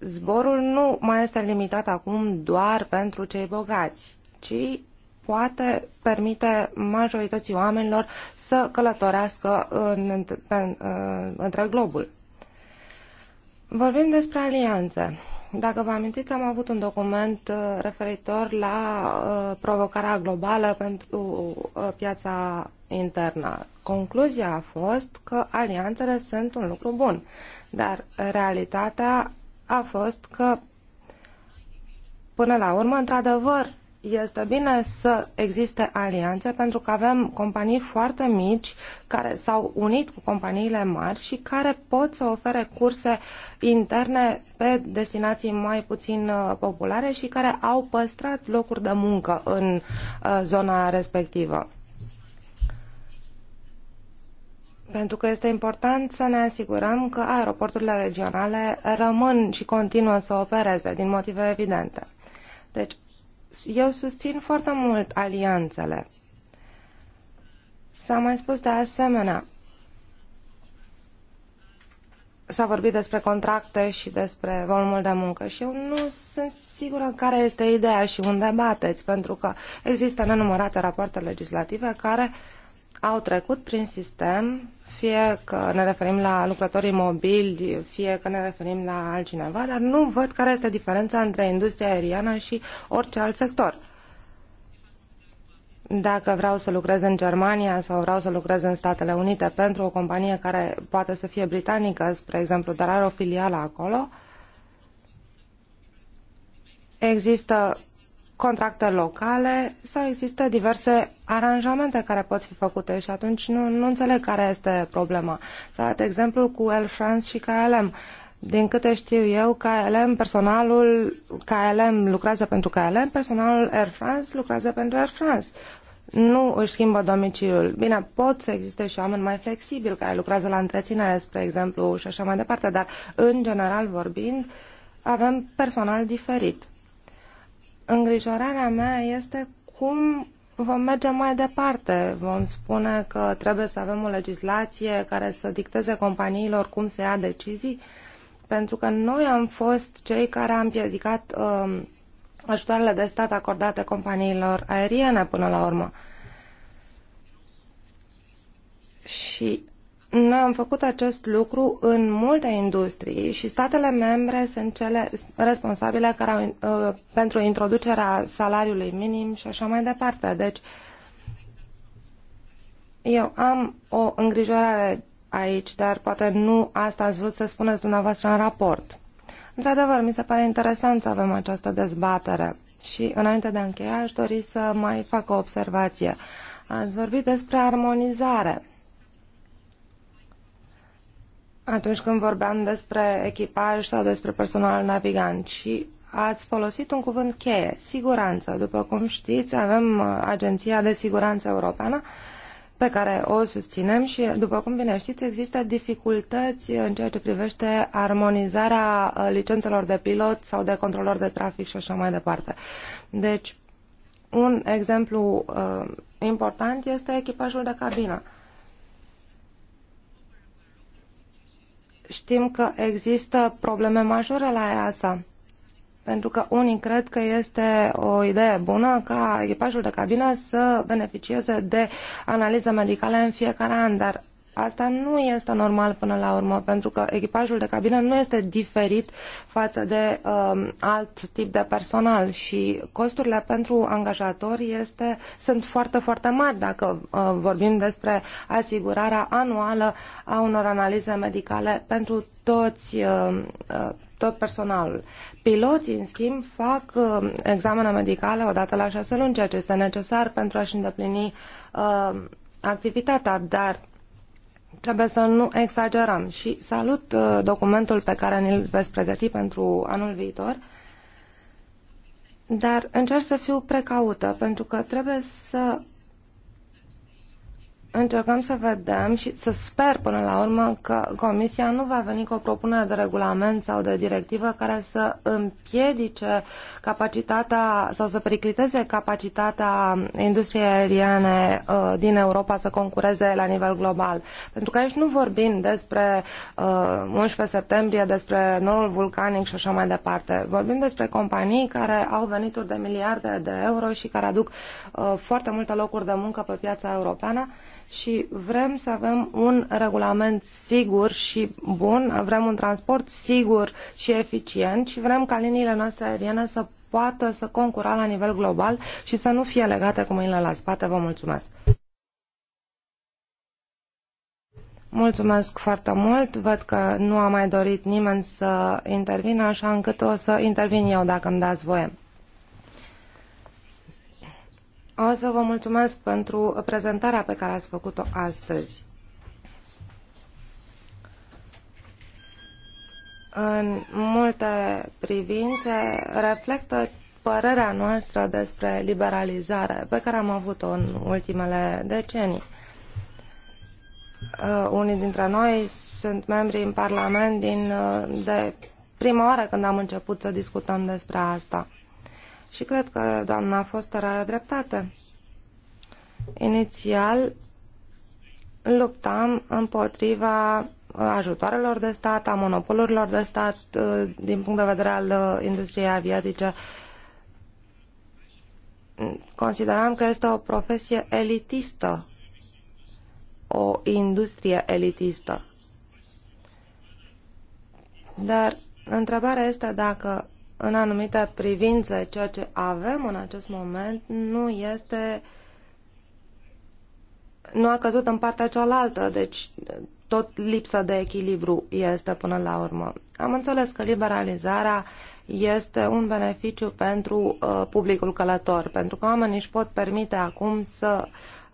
S2: Zborul nu mai este limitat acum doar pentru cei bogați, ci poate permite majorității oamenilor să călătorească în, pe, între globul. Vorbim despre alianțe. Dacă vă amintiți, am avut un document uh, referitor la uh, provocarea globală pentru uh, piața internă. Concluzia a fost că alianțele sunt un lucru bun, dar realitatea a fost că, până la urmă, într-adevăr, este bine să existe alianțe pentru că avem companii foarte mici care s-au unit cu companiile mari și care pot să ofere curse interne pe destinații mai puțin uh, populare și care au păstrat locuri de muncă în uh, zona respectivă. Pentru că este important să ne asigurăm că aeroporturile regionale rămân și continuă să opereze din motive evidente. Deci eu susțin foarte mult alianțele. S-a mai spus de asemenea, s-a vorbit despre contracte și despre volumul de muncă și eu nu sunt sigură care este ideea și unde bateți, pentru că există nenumărate rapoarte legislative care au trecut prin sistem fie că ne referim la lucrătorii mobili, fie că ne referim la altcineva, dar nu văd care este diferența între industria aeriană și orice alt sector. Dacă vreau să lucrez în Germania sau vreau să lucrez în Statele Unite pentru o companie care poate să fie britanică, spre exemplu, dar are o filială acolo, există contracte locale sau există diverse aranjamente care pot fi făcute și atunci nu, nu înțeleg care este problema. S-a dat exemplul cu Air France și KLM. Din câte știu eu, KLM, personalul KLM lucrează pentru KLM, personalul Air France lucrează pentru Air France. Nu își schimbă domiciliul. Bine, pot să existe și oameni mai flexibili care lucrează la întreținere, spre exemplu, și așa mai departe, dar în general vorbind, avem personal diferit. Îngrijorarea mea este cum vom merge mai departe. Vom spune că trebuie să avem o legislație care să dicteze companiilor cum se ia decizii, pentru că noi am fost cei care am piedicat uh, ajutoarele de stat acordate companiilor aeriene până la urmă. Și noi am făcut acest lucru în multe industrii și statele membre sunt cele responsabile care au, uh, pentru introducerea salariului minim și așa mai departe. Deci, eu am o îngrijorare aici, dar poate nu asta ați vrut să spuneți dumneavoastră în raport. Într-adevăr, mi se pare interesant să avem această dezbatere. Și înainte de a încheia, aș dori să mai fac o observație. Ați vorbit despre armonizare atunci când vorbeam despre echipaj sau despre personal navigant și ați folosit un cuvânt cheie, siguranță. După cum știți, avem uh, Agenția de Siguranță Europeană pe care o susținem și, după cum bine știți, există dificultăți în ceea ce privește armonizarea uh, licențelor de pilot sau de controlor de trafic și așa mai departe. Deci, un exemplu uh, important este echipajul de cabină. Uh, știm că există probleme majore la EASA. Pentru că unii cred că este o idee bună ca echipajul de cabină să beneficieze de analize medicale în fiecare an, dar Asta nu este normal până la urmă, pentru că echipajul de cabină nu este diferit față de um, alt tip de personal și costurile pentru angajatori este, sunt foarte, foarte mari dacă uh, vorbim despre asigurarea anuală a unor analize medicale pentru toți uh, uh, tot personalul. Piloții, în schimb, fac uh, examene medicale odată la șase luni, ceea ce este necesar pentru a-și îndeplini uh, activitatea, dar trebuie să nu exagerăm și salut uh, documentul pe care ne-l veți pregăti pentru anul viitor, dar încerc să fiu precaută pentru că trebuie să încercăm să vedem și să sper până la urmă că Comisia nu va veni cu o propunere de regulament sau de directivă care să împiedice capacitatea sau să pericliteze capacitatea industriei aeriene uh, din Europa să concureze la nivel global. Pentru că aici nu vorbim despre uh, 11 septembrie, despre norul vulcanic și așa mai departe. Vorbim despre companii care au venituri de miliarde de euro și care aduc uh, foarte multe locuri de muncă pe piața europeană și vrem să avem un regulament sigur și bun, vrem un transport sigur și eficient și vrem ca liniile noastre aeriene să poată să concura la nivel global și să nu fie legate cu mâinile la spate. Vă mulțumesc! Mulțumesc foarte mult. Văd că nu a mai dorit nimeni să intervină, așa încât o să intervin eu dacă îmi dați voie. O să vă mulțumesc pentru prezentarea pe care ați făcut-o astăzi. În multe privințe reflectă părerea noastră despre liberalizare pe care am avut-o în ultimele decenii. Uh, unii dintre noi sunt membri în Parlament din, uh, de prima oară când am început să discutăm despre asta. Și cred că doamna fost rară dreptate. Inițial luptam împotriva ajutoarelor de stat, a monopolurilor de stat uh, din punct de vedere al uh, industriei aviatice. Consideram că este o profesie elitistă, o industrie elitistă. Dar întrebarea este dacă în anumite privințe ceea ce avem în acest moment nu este nu a căzut în partea cealaltă, deci tot lipsa de echilibru este până la urmă. Am înțeles că liberalizarea este un beneficiu pentru uh, publicul călător, pentru că oamenii își pot permite acum să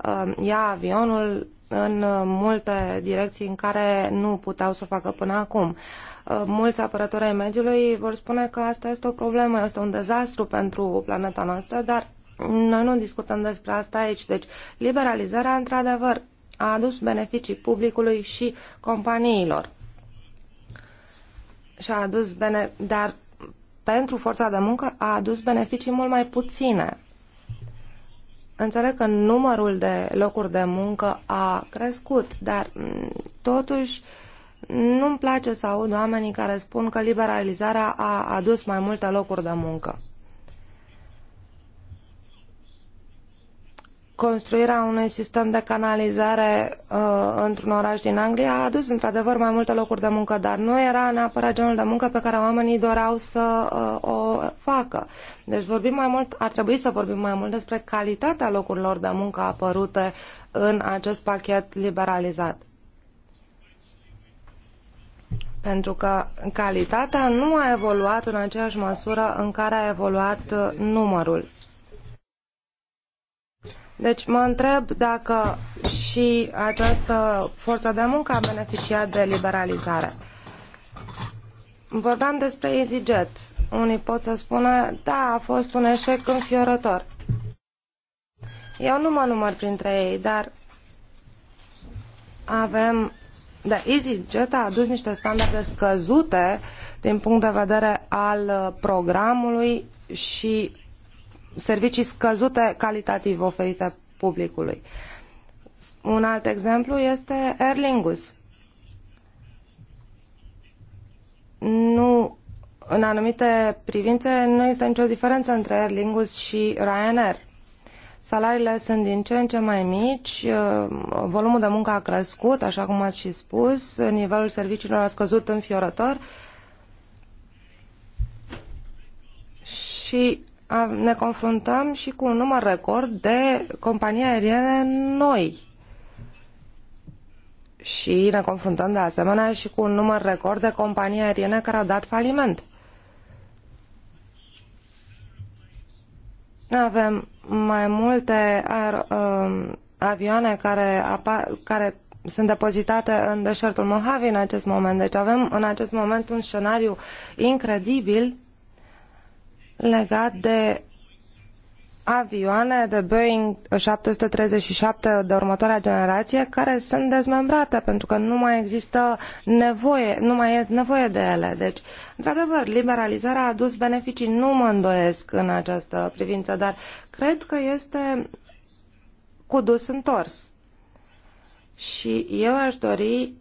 S2: uh, ia avionul în uh, multe direcții în care nu puteau să o facă până acum. Uh, Uh, mulți apărători ai mediului vor spune că asta este o problemă, este un dezastru pentru planeta noastră, dar noi nu discutăm despre asta aici. Deci, liberalizarea, într-adevăr, a adus beneficii publicului și companiilor. Și a adus bene... Dar pentru forța de muncă a adus beneficii mult mai puține. Înțeleg că numărul de locuri de muncă a crescut, dar mm, totuși uh, nu-mi place să aud oamenii care spun că liberalizarea a adus mai multe locuri de muncă. construirea unui sistem de canalizare uh, într-un oraș din Anglia a adus într-adevăr mai multe locuri de muncă, dar nu era neapărat genul de muncă pe care oamenii doreau să uh, o facă. Deci vorbim mai mult, ar trebui să vorbim mai mult despre calitatea locurilor de muncă apărute în acest pachet liberalizat pentru că calitatea nu a evoluat în aceeași măsură în care a evoluat uh, numărul. Deci mă întreb dacă și această forță de muncă a beneficiat de liberalizare. Vorbeam despre EasyJet. Unii pot să spună, da, a fost un eșec înfiorător. Eu nu mă număr printre ei, dar avem da, EasyJet a adus niște standarde scăzute din punct de vedere al uh, programului și servicii scăzute calitativ oferite publicului. Un alt exemplu este Aer Lingus. Nu, în anumite privințe nu există nicio diferență între Aer Lingus și Ryanair salariile sunt din ce în ce mai mici, uh, volumul de muncă a crescut, așa cum ați și spus, nivelul serviciilor a scăzut înfiorător și ne confruntăm și cu un număr record de companii aeriene noi. Și ne confruntăm de asemenea și cu un număr record de companii aeriene care au dat faliment. Avem mai multe aer, um, avioane care, apa, care sunt depozitate în deșertul Mojave în acest moment. Deci avem în acest moment un scenariu incredibil legat de avioane de Boeing 737 de următoarea generație care sunt dezmembrate pentru că nu mai există nevoie, nu mai e nevoie de ele. Deci, într-adevăr, liberalizarea a adus beneficii, nu mă îndoiesc în această privință, dar cred că este cu dus întors. Și eu aș dori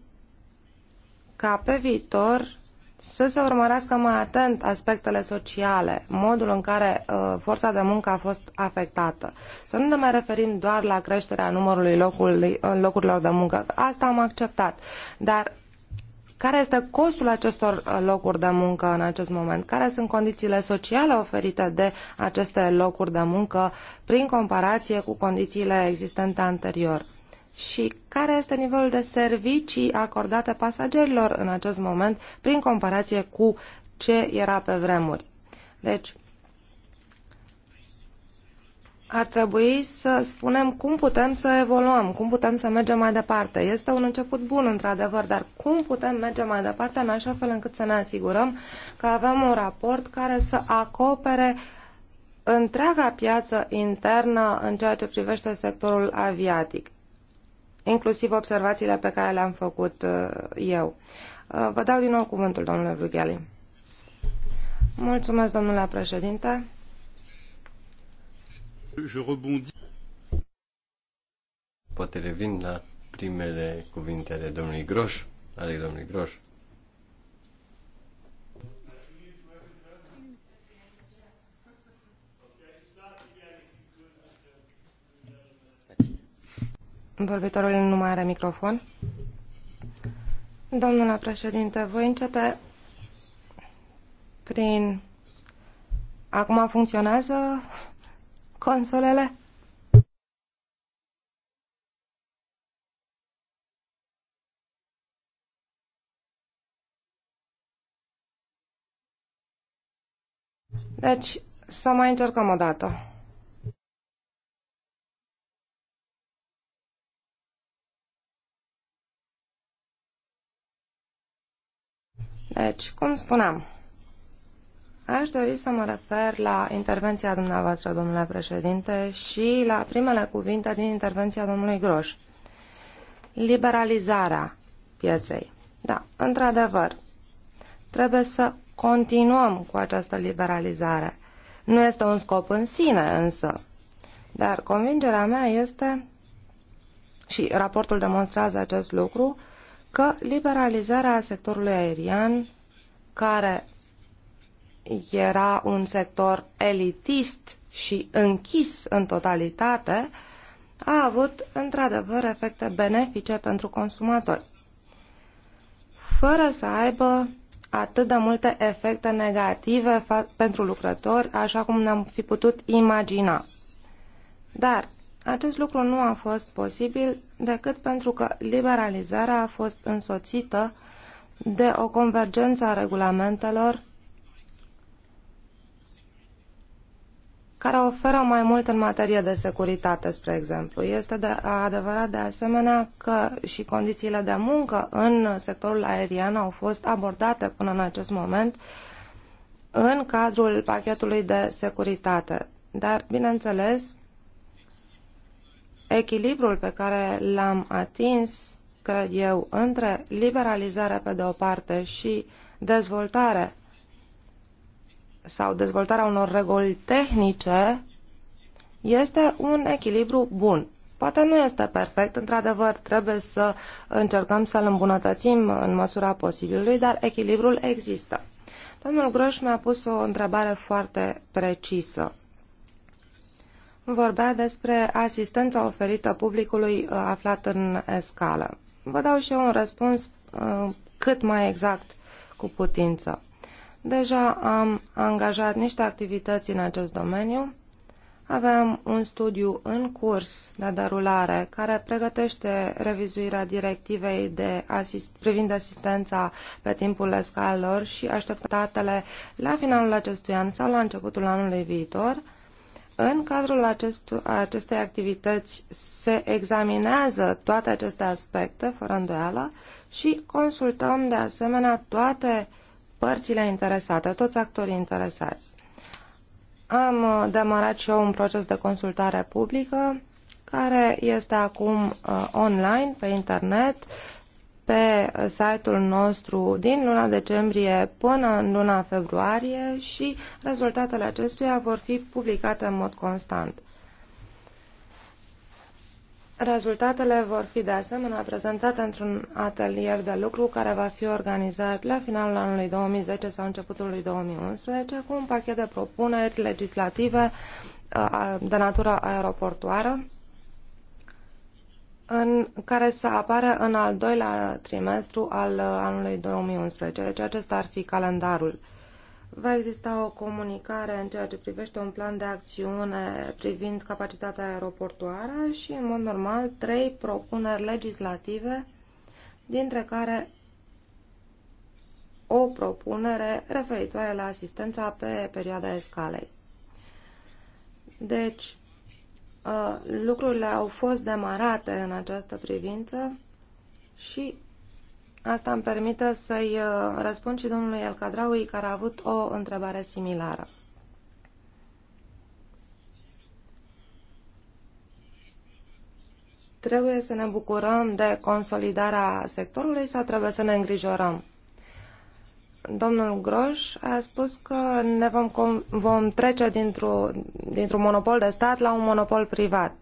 S2: ca pe viitor să se urmărească mai atent aspectele sociale, modul în care uh, forța de muncă a fost afectată. Să nu ne mai referim doar la creșterea numărului locului, uh, locurilor de muncă. Asta am acceptat. Dar care este costul acestor uh, locuri de muncă în acest moment? Care sunt condițiile sociale oferite de aceste locuri de muncă prin comparație cu condițiile existente anterior? și care este nivelul de servicii acordate pasagerilor în acest moment prin comparație cu ce era pe vremuri. Deci, ar trebui să spunem cum putem să evoluăm, cum putem să mergem mai departe. Este un început bun, într-adevăr, dar cum putem merge mai departe în așa fel încât să ne asigurăm că avem un raport care să acopere întreaga piață internă în ceea ce privește sectorul aviatic inclusiv observațiile pe care le-am făcut uh, eu. Uh, vă dau din nou cuvântul, domnule Brugheli. Mulțumesc, domnule președinte.
S3: Je rebondi... Poate revin la primele cuvinte ale domnului Groș, ale domnului Groș.
S2: Vorbitorul nu mai are microfon. Domnule președinte, voi începe prin... Acum funcționează consolele? Deci, să mai încercăm o dată.
S1: Deci, cum
S2: spuneam, aș dori să mă refer la intervenția dumneavoastră, domnule președinte, și la primele cuvinte din intervenția domnului Groș. Liberalizarea pieței. Da, într-adevăr, trebuie să continuăm cu această liberalizare. Nu este un scop în sine, însă. Dar convingerea mea este, și raportul demonstrează acest lucru, că liberalizarea sectorului aerian, care era un sector elitist și închis în totalitate, a avut într-adevăr efecte benefice pentru consumatori, fără să aibă atât de multe efecte negative pentru lucrători, așa cum ne-am fi putut imagina. Dar acest lucru nu a fost posibil decât pentru că liberalizarea a fost însoțită de o convergență a regulamentelor care oferă mai mult în materie de securitate, spre exemplu. Este de, adevărat de asemenea că și condițiile de muncă în sectorul aerian au fost abordate până în acest moment în cadrul pachetului de securitate. Dar, bineînțeles, echilibrul pe care l-am atins, cred eu, între liberalizare pe de o parte și dezvoltare sau dezvoltarea unor reguli tehnice este un echilibru bun. Poate nu este perfect, într-adevăr trebuie să încercăm să-l îmbunătățim în măsura posibilului, dar echilibrul există. Domnul Groș mi-a pus o întrebare foarte precisă vorbea despre asistența oferită publicului uh, aflat în escală. Vă dau și eu un răspuns uh, cât mai exact cu putință. Deja am angajat niște activități în acest domeniu. Aveam un studiu în curs de derulare care pregătește revizuirea directivei de asist- privind asistența pe timpul escalelor și așteptatele la finalul acestui an sau la începutul anului viitor – în cadrul acestu, acestei activități se examinează toate aceste aspecte, fără îndoială, și consultăm de asemenea toate părțile interesate, toți actorii interesați. Am uh, demarat și eu un proces de consultare publică care este acum uh, online, pe internet, pe site-ul nostru din luna decembrie până în luna februarie și rezultatele acestuia vor fi publicate în mod constant. Rezultatele vor fi de asemenea prezentate într-un atelier de lucru care va fi organizat la finalul anului 2010 sau începutul lui 2011 cu un pachet de propuneri legislative uh, de natură aeroportuară în care să apară în al doilea trimestru al uh, anului 2011. Deci acesta ar fi calendarul. Va exista o comunicare în ceea ce privește un plan de acțiune privind capacitatea aeroportuară și, în mod normal, trei propuneri legislative, dintre care o propunere referitoare la asistența pe perioada escalei. Deci, Uh, lucrurile au fost demarate în această privință și asta îmi permite să-i uh, răspund și domnului El Cadraui, care a avut o întrebare similară. Trebuie să ne bucurăm de consolidarea sectorului sau trebuie să ne îngrijorăm? domnul Groș a spus că ne vom, vom trece dintr-un dintr monopol de stat la un monopol privat.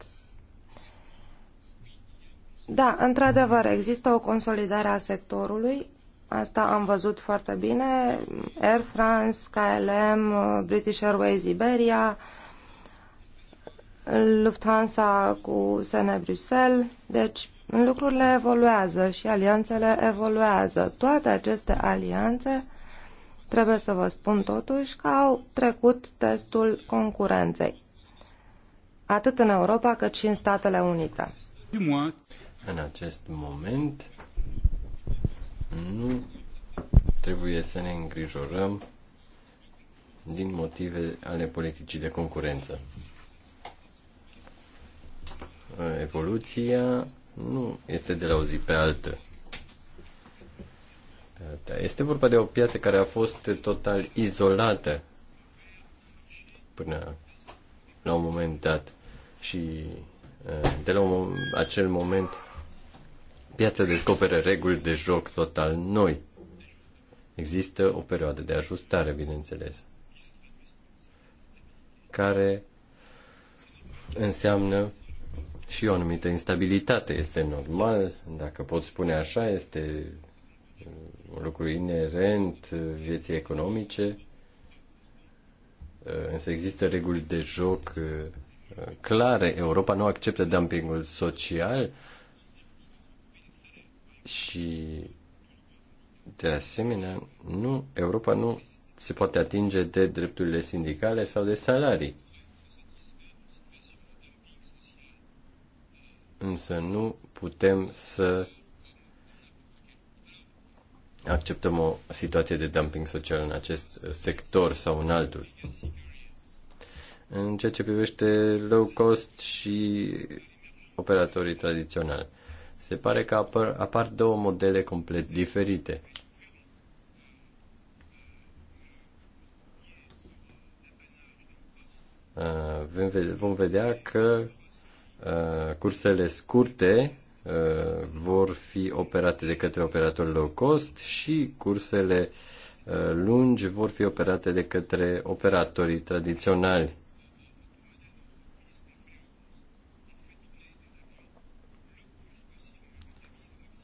S2: Da, într-adevăr, există o consolidare a sectorului. Asta am văzut foarte bine. Air France, KLM, British Airways, Iberia, Lufthansa cu SN Bruxelles. Deci, lucrurile evoluează și alianțele evoluează. Toate aceste alianțe Trebuie să vă spun totuși că au trecut testul concurenței, atât în Europa cât și în Statele Unite.
S3: În acest moment nu trebuie să ne îngrijorăm din motive ale politicii de concurență. Evoluția nu este de la o zi pe altă. Este vorba de o piață care a fost total izolată până la un moment dat și de la acel moment piața descoperă reguli de joc total noi. Există o perioadă de ajustare, bineînțeles, care înseamnă și o anumită instabilitate. Este normal, dacă pot spune așa, este un lucru inerent vieții economice, uh, însă există reguli de joc uh, clare. Europa nu acceptă dumpingul social și de asemenea, nu, Europa nu se poate atinge de drepturile sindicale sau de salarii. Însă nu putem să acceptăm o situație de dumping social în acest sector sau în altul. În ceea ce privește low cost și operatorii tradiționali, se pare că apar, apar două modele complet diferite. Uh, vom vedea că uh, cursele scurte Uh, vor fi operate de către operatori low cost și cursele uh, lungi vor fi operate de către operatorii tradiționali.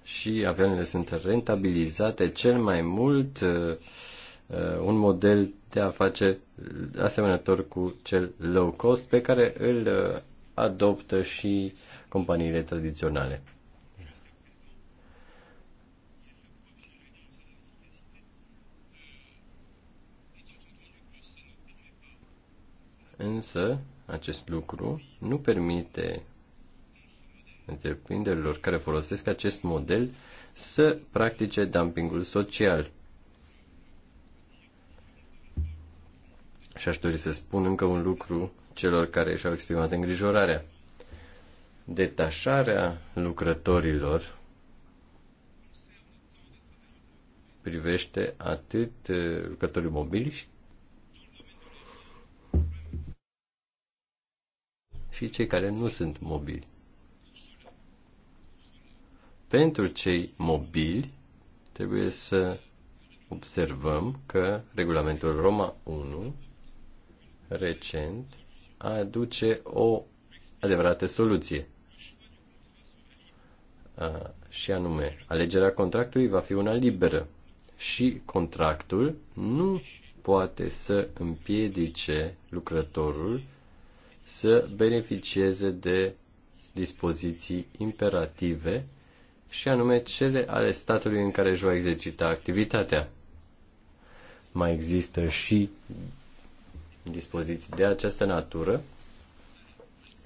S3: Și avioanele sunt rentabilizate cel mai mult uh, un model de a face asemănător cu cel low cost pe care îl adoptă și companiile tradiționale. Însă, acest lucru nu permite întreprinderilor care folosesc acest model să practice dumpingul social. Și aș dori să spun încă un lucru celor care și-au exprimat îngrijorarea. Detașarea lucrătorilor privește atât eh, lucrătorii mobili și cei care nu sunt mobili. Pentru cei mobili, trebuie să observăm că regulamentul Roma 1 recent aduce o adevărată soluție. A, și anume, alegerea contractului va fi una liberă și contractul nu poate să împiedice lucrătorul să beneficieze de dispoziții imperative și anume cele ale statului în care își va exercita activitatea. Mai există și dispoziții de această natură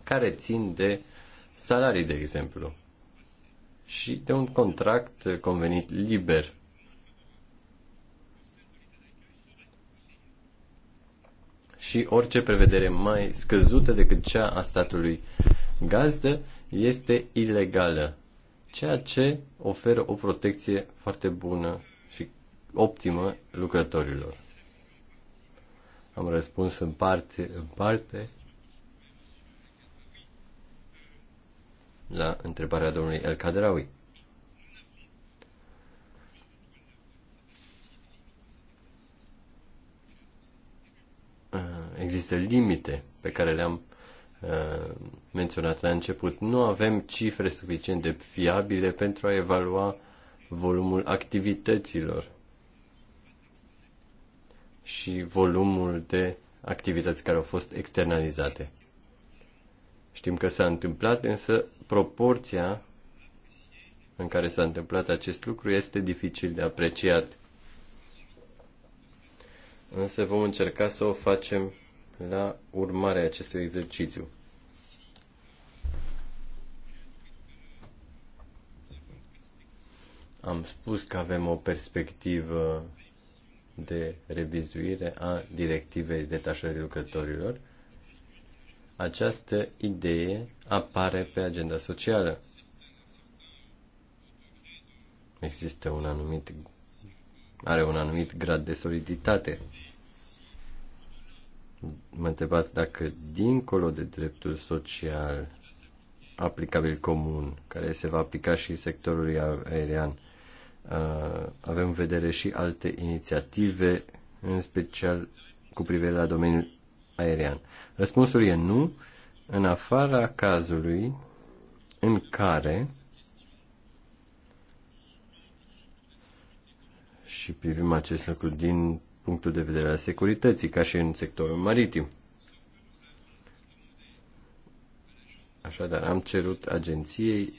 S3: care țin de salarii, de exemplu, și de un contract convenit liber și orice prevedere mai scăzută decât cea a statului gazdă este ilegală, ceea ce oferă o protecție foarte bună și optimă lucrătorilor. Am răspuns în parte, în parte la întrebarea domnului El Kadraoui. există limite pe care le-am uh, menționat la început. Nu avem cifre suficient de fiabile pentru a evalua volumul activităților și volumul de activități care au fost externalizate. Știm că s-a întâmplat, însă proporția în care s-a întâmplat acest lucru este dificil de apreciat. Însă vom încerca să o facem la urmarea acestui exercițiu. Am spus că avem o perspectivă de revizuire a directivei detașării lucrătorilor. Această idee apare pe agenda socială. Există un anumit, are un anumit grad de soliditate Mă întrebați dacă, dincolo de dreptul social aplicabil comun, care se va aplica și sectorului aerian, uh, avem în vedere și alte inițiative, în special cu privire la domeniul aerian. Răspunsul e nu, în afara cazului în care și privim acest lucru din punctul de vedere al securității, ca și în sectorul maritim. Așadar, am cerut Agenției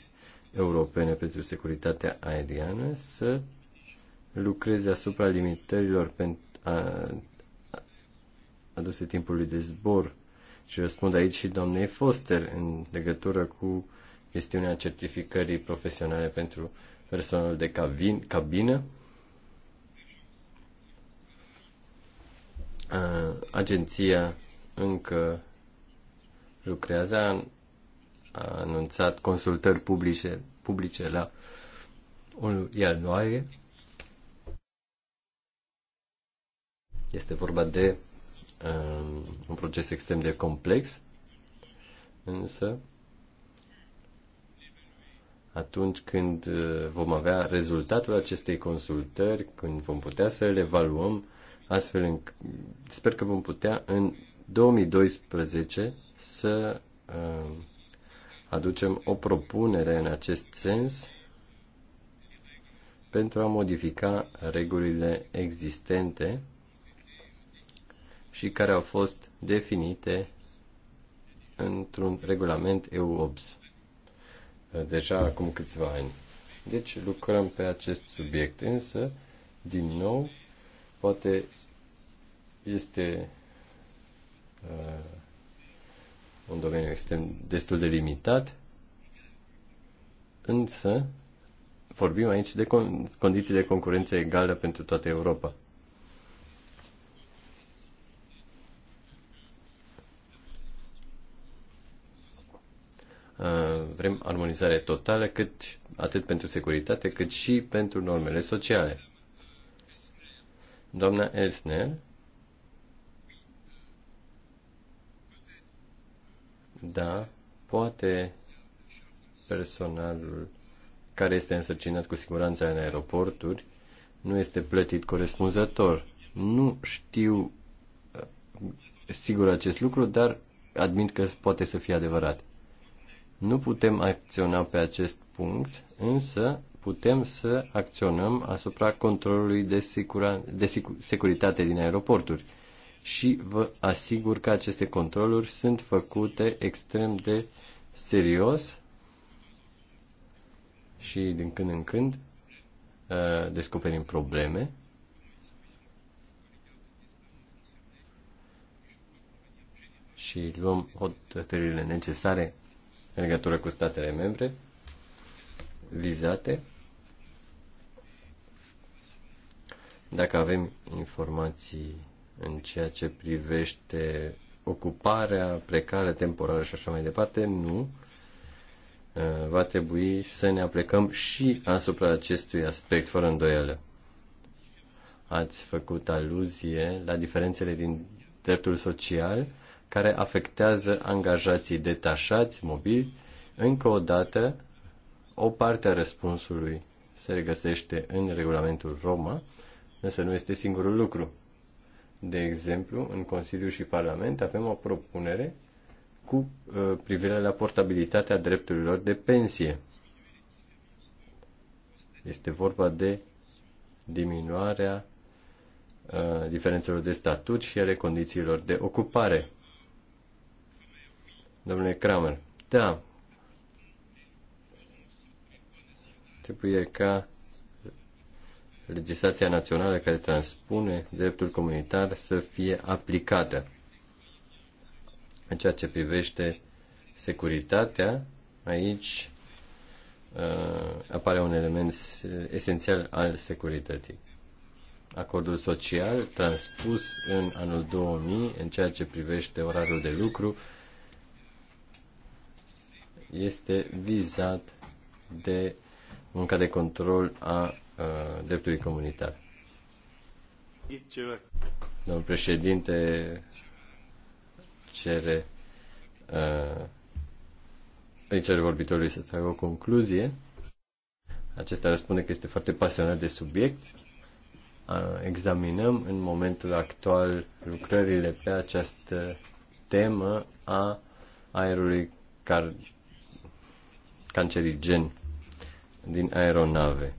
S3: Europene pentru Securitatea Aeriană să lucreze asupra limitărilor aduse timpului de zbor și răspund aici și doamnei Foster în legătură cu chestiunea certificării profesionale pentru personal de cabin, cabină. agenția încă lucrează, a, anunțat consultări publice, publice la 1 ianuarie. Este vorba de um, un proces extrem de complex, însă atunci când vom avea rezultatul acestei consultări, când vom putea să le evaluăm, astfel în, sper că vom putea în 2012 să uh, aducem o propunere în acest sens pentru a modifica regulile existente și care au fost definite într-un regulament EU8 uh, deja acum câțiva ani. Deci lucrăm pe acest subiect, însă, din nou, poate este uh, un domeniu extrem destul de limitat, însă vorbim aici de con- condiții de concurență egală pentru toată Europa. Uh, vrem armonizare totală cât, atât pentru securitate cât și pentru normele sociale. Doamna Elsner Da, poate personalul care este însărcinat cu siguranța în aeroporturi nu este plătit corespunzător. Nu știu uh, sigur acest lucru, dar admit că poate să fie adevărat. Nu putem acționa pe acest punct, însă putem să acționăm asupra controlului de, sicura, de securitate din aeroporturi și vă asigur că aceste controluri sunt făcute extrem de serios și din când în când uh, descoperim probleme. Și luăm hotărârile necesare în legătură cu statele membre vizate. Dacă avem informații în ceea ce privește ocuparea precară, temporară și așa mai departe, nu. Uh, va trebui să ne aplicăm și asupra acestui aspect, fără îndoială. Ați făcut aluzie la diferențele din dreptul social care afectează angajații detașați, mobili. Încă o dată, o parte a răspunsului se regăsește în regulamentul Roma, însă nu este singurul lucru de exemplu, în Consiliu și Parlament avem o propunere cu uh, privire la portabilitatea drepturilor de pensie. Este vorba de diminuarea uh, diferențelor de statut și ale condițiilor de ocupare. Domnule Kramer, da, trebuie ca legislația națională care transpune dreptul comunitar să fie aplicată. În ceea ce privește securitatea, aici uh, apare un element esențial al securității. Acordul social transpus în anul 2000 în ceea ce privește orarul de lucru este vizat de munca de control a Uh, dreptului comunitar. Domnul președinte cere uh, îi cere vorbitorului să facă o concluzie. Acesta răspunde că este foarte pasionat de subiect. Examinăm în momentul actual lucrările pe această temă a aerului car- cancerigen din aeronave.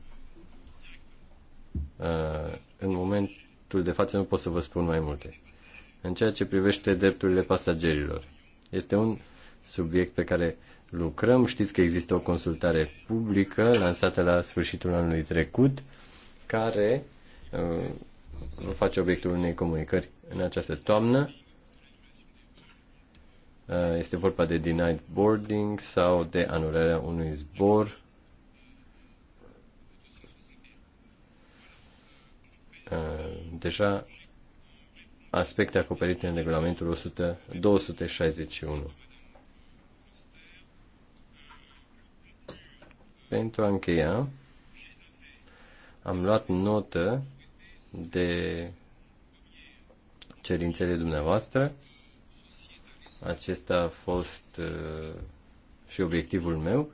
S3: Uh, în momentul de față nu pot să vă spun mai multe. În ceea ce privește drepturile pasagerilor, este un subiect pe care lucrăm. Știți că există o consultare publică lansată la sfârșitul anului trecut care uh, vă face obiectul unei comunicări în această toamnă. Uh, este vorba de denied boarding sau de anularea unui zbor deja aspecte acoperite în regulamentul 100, 261. Pentru a încheia, am luat notă de cerințele dumneavoastră. Acesta a fost uh, și obiectivul meu.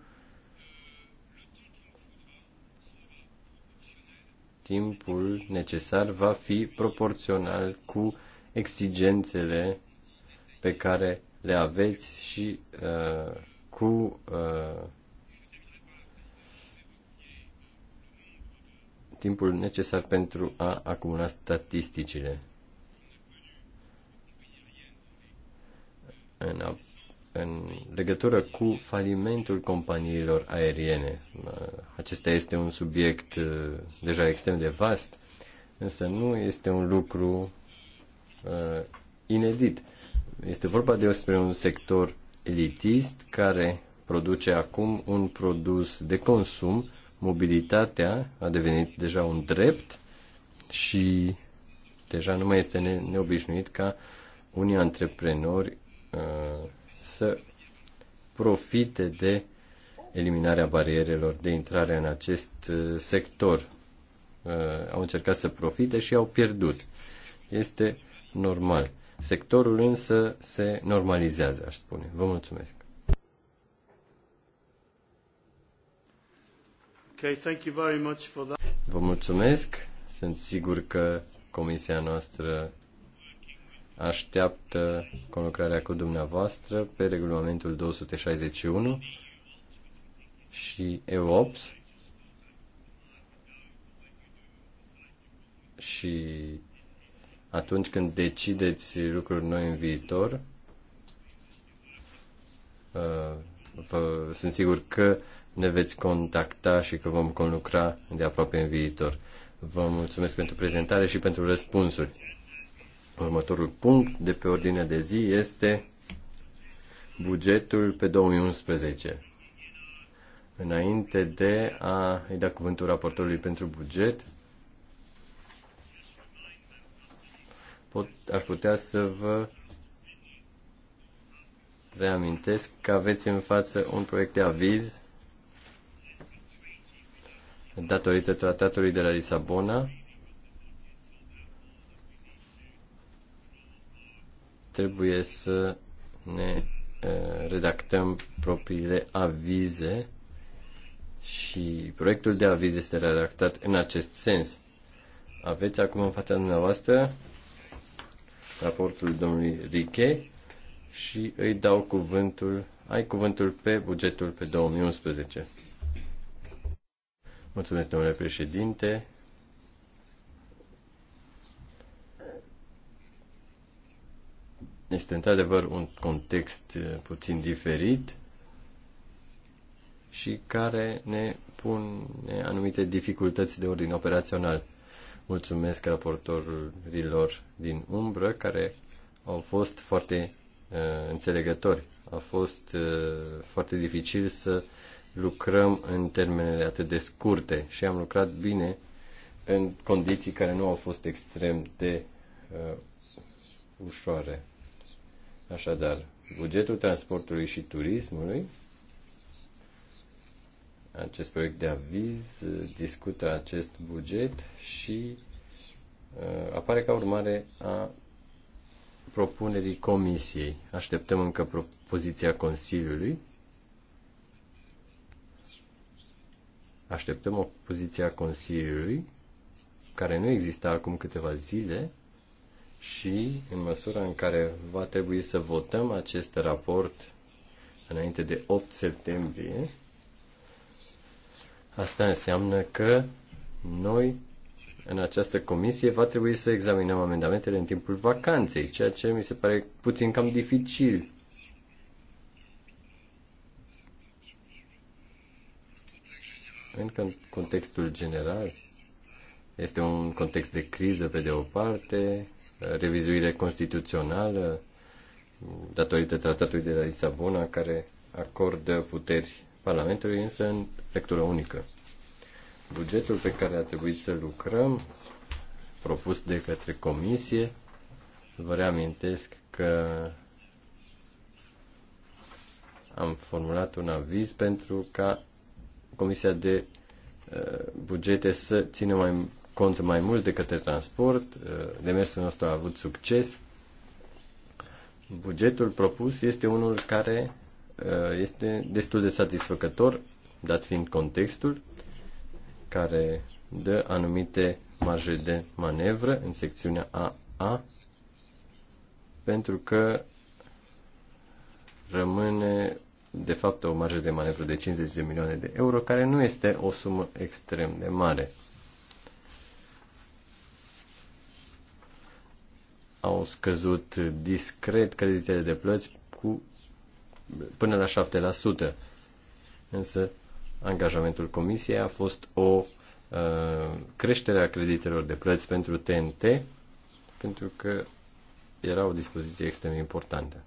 S3: timpul necesar va fi proporțional cu exigențele pe care le aveți și uh, cu uh, timpul necesar pentru a acumula statisticile. În în legătură cu falimentul companiilor aeriene. Acesta este un subiect uh, deja extrem de vast, însă nu este un lucru uh, inedit. Este vorba despre un sector elitist care produce acum un produs de consum. Mobilitatea a devenit deja un drept și deja nu mai este neobișnuit ca unii antreprenori uh, să profite de eliminarea barierelor de intrare în acest uh, sector. Uh, au încercat să profite și au pierdut. Este normal. Sectorul însă se normalizează, aș spune. Vă mulțumesc.
S1: Okay, thank you very much for that.
S3: Vă mulțumesc. Sunt sigur că comisia noastră așteaptă conlucrarea cu dumneavoastră pe regulamentul 261 și EOPS și atunci când decideți lucruri noi în viitor, uh, vă, sunt sigur că ne veți contacta și că vom conlucra de aproape în viitor. Vă mulțumesc pentru prezentare și pentru răspunsuri. Următorul punct de pe ordinea de zi este bugetul pe 2011. Înainte de a îi da cuvântul raportorului pentru buget, pot, aș putea să vă reamintesc că aveți în față un proiect de aviz datorită tratatului de la Lisabona trebuie să ne redactăm propriile avize și proiectul de aviz este redactat în acest sens. Aveți acum în fața dumneavoastră raportul domnului Riche și îi dau cuvântul, ai cuvântul pe bugetul pe 2011. Mulțumesc, domnule președinte. Este într-adevăr un context eh, puțin diferit și care ne pune anumite dificultăți de ordin operațional. Mulțumesc raportorilor din umbră care au fost foarte uh, înțelegători. A fost uh, foarte dificil să lucrăm în termenele atât de scurte și am lucrat bine în condiții care nu au fost extrem de uh, ușoare. Așadar, bugetul transportului și turismului. Acest proiect de aviz discută acest buget și uh, apare ca urmare a propunerii comisiei. Așteptăm încă propoziția Consiliului. Așteptăm o poziție a Consiliului, care nu exista acum câteva zile, și în măsura în care va trebui să votăm acest raport înainte de 8 septembrie, asta înseamnă că noi în această comisie va trebui să examinăm amendamentele în timpul vacanței, ceea ce mi se pare puțin cam dificil. În contextul general, este un context de criză pe de o parte, revizuire constituțională datorită tratatului de la Lisabona care acordă puteri Parlamentului, însă în lectură unică. Bugetul pe care a trebuit să lucrăm, propus de către Comisie, vă reamintesc că am formulat un aviz pentru ca Comisia de uh, bugete să țină mai cont mai mult de transport. Uh, demersul nostru a avut succes. Bugetul propus este unul care uh, este destul de satisfăcător, dat fiind contextul, care dă anumite marje de manevră în secțiunea AA, pentru că rămâne de fapt o marjă de manevră de 50 de milioane de euro, care nu este o sumă extrem de mare. au scăzut discret creditele de plăți cu până la 7%. Însă angajamentul comisiei a fost o uh, creștere a creditelor de plăți pentru TNT, pentru că era o dispoziție extrem de importantă.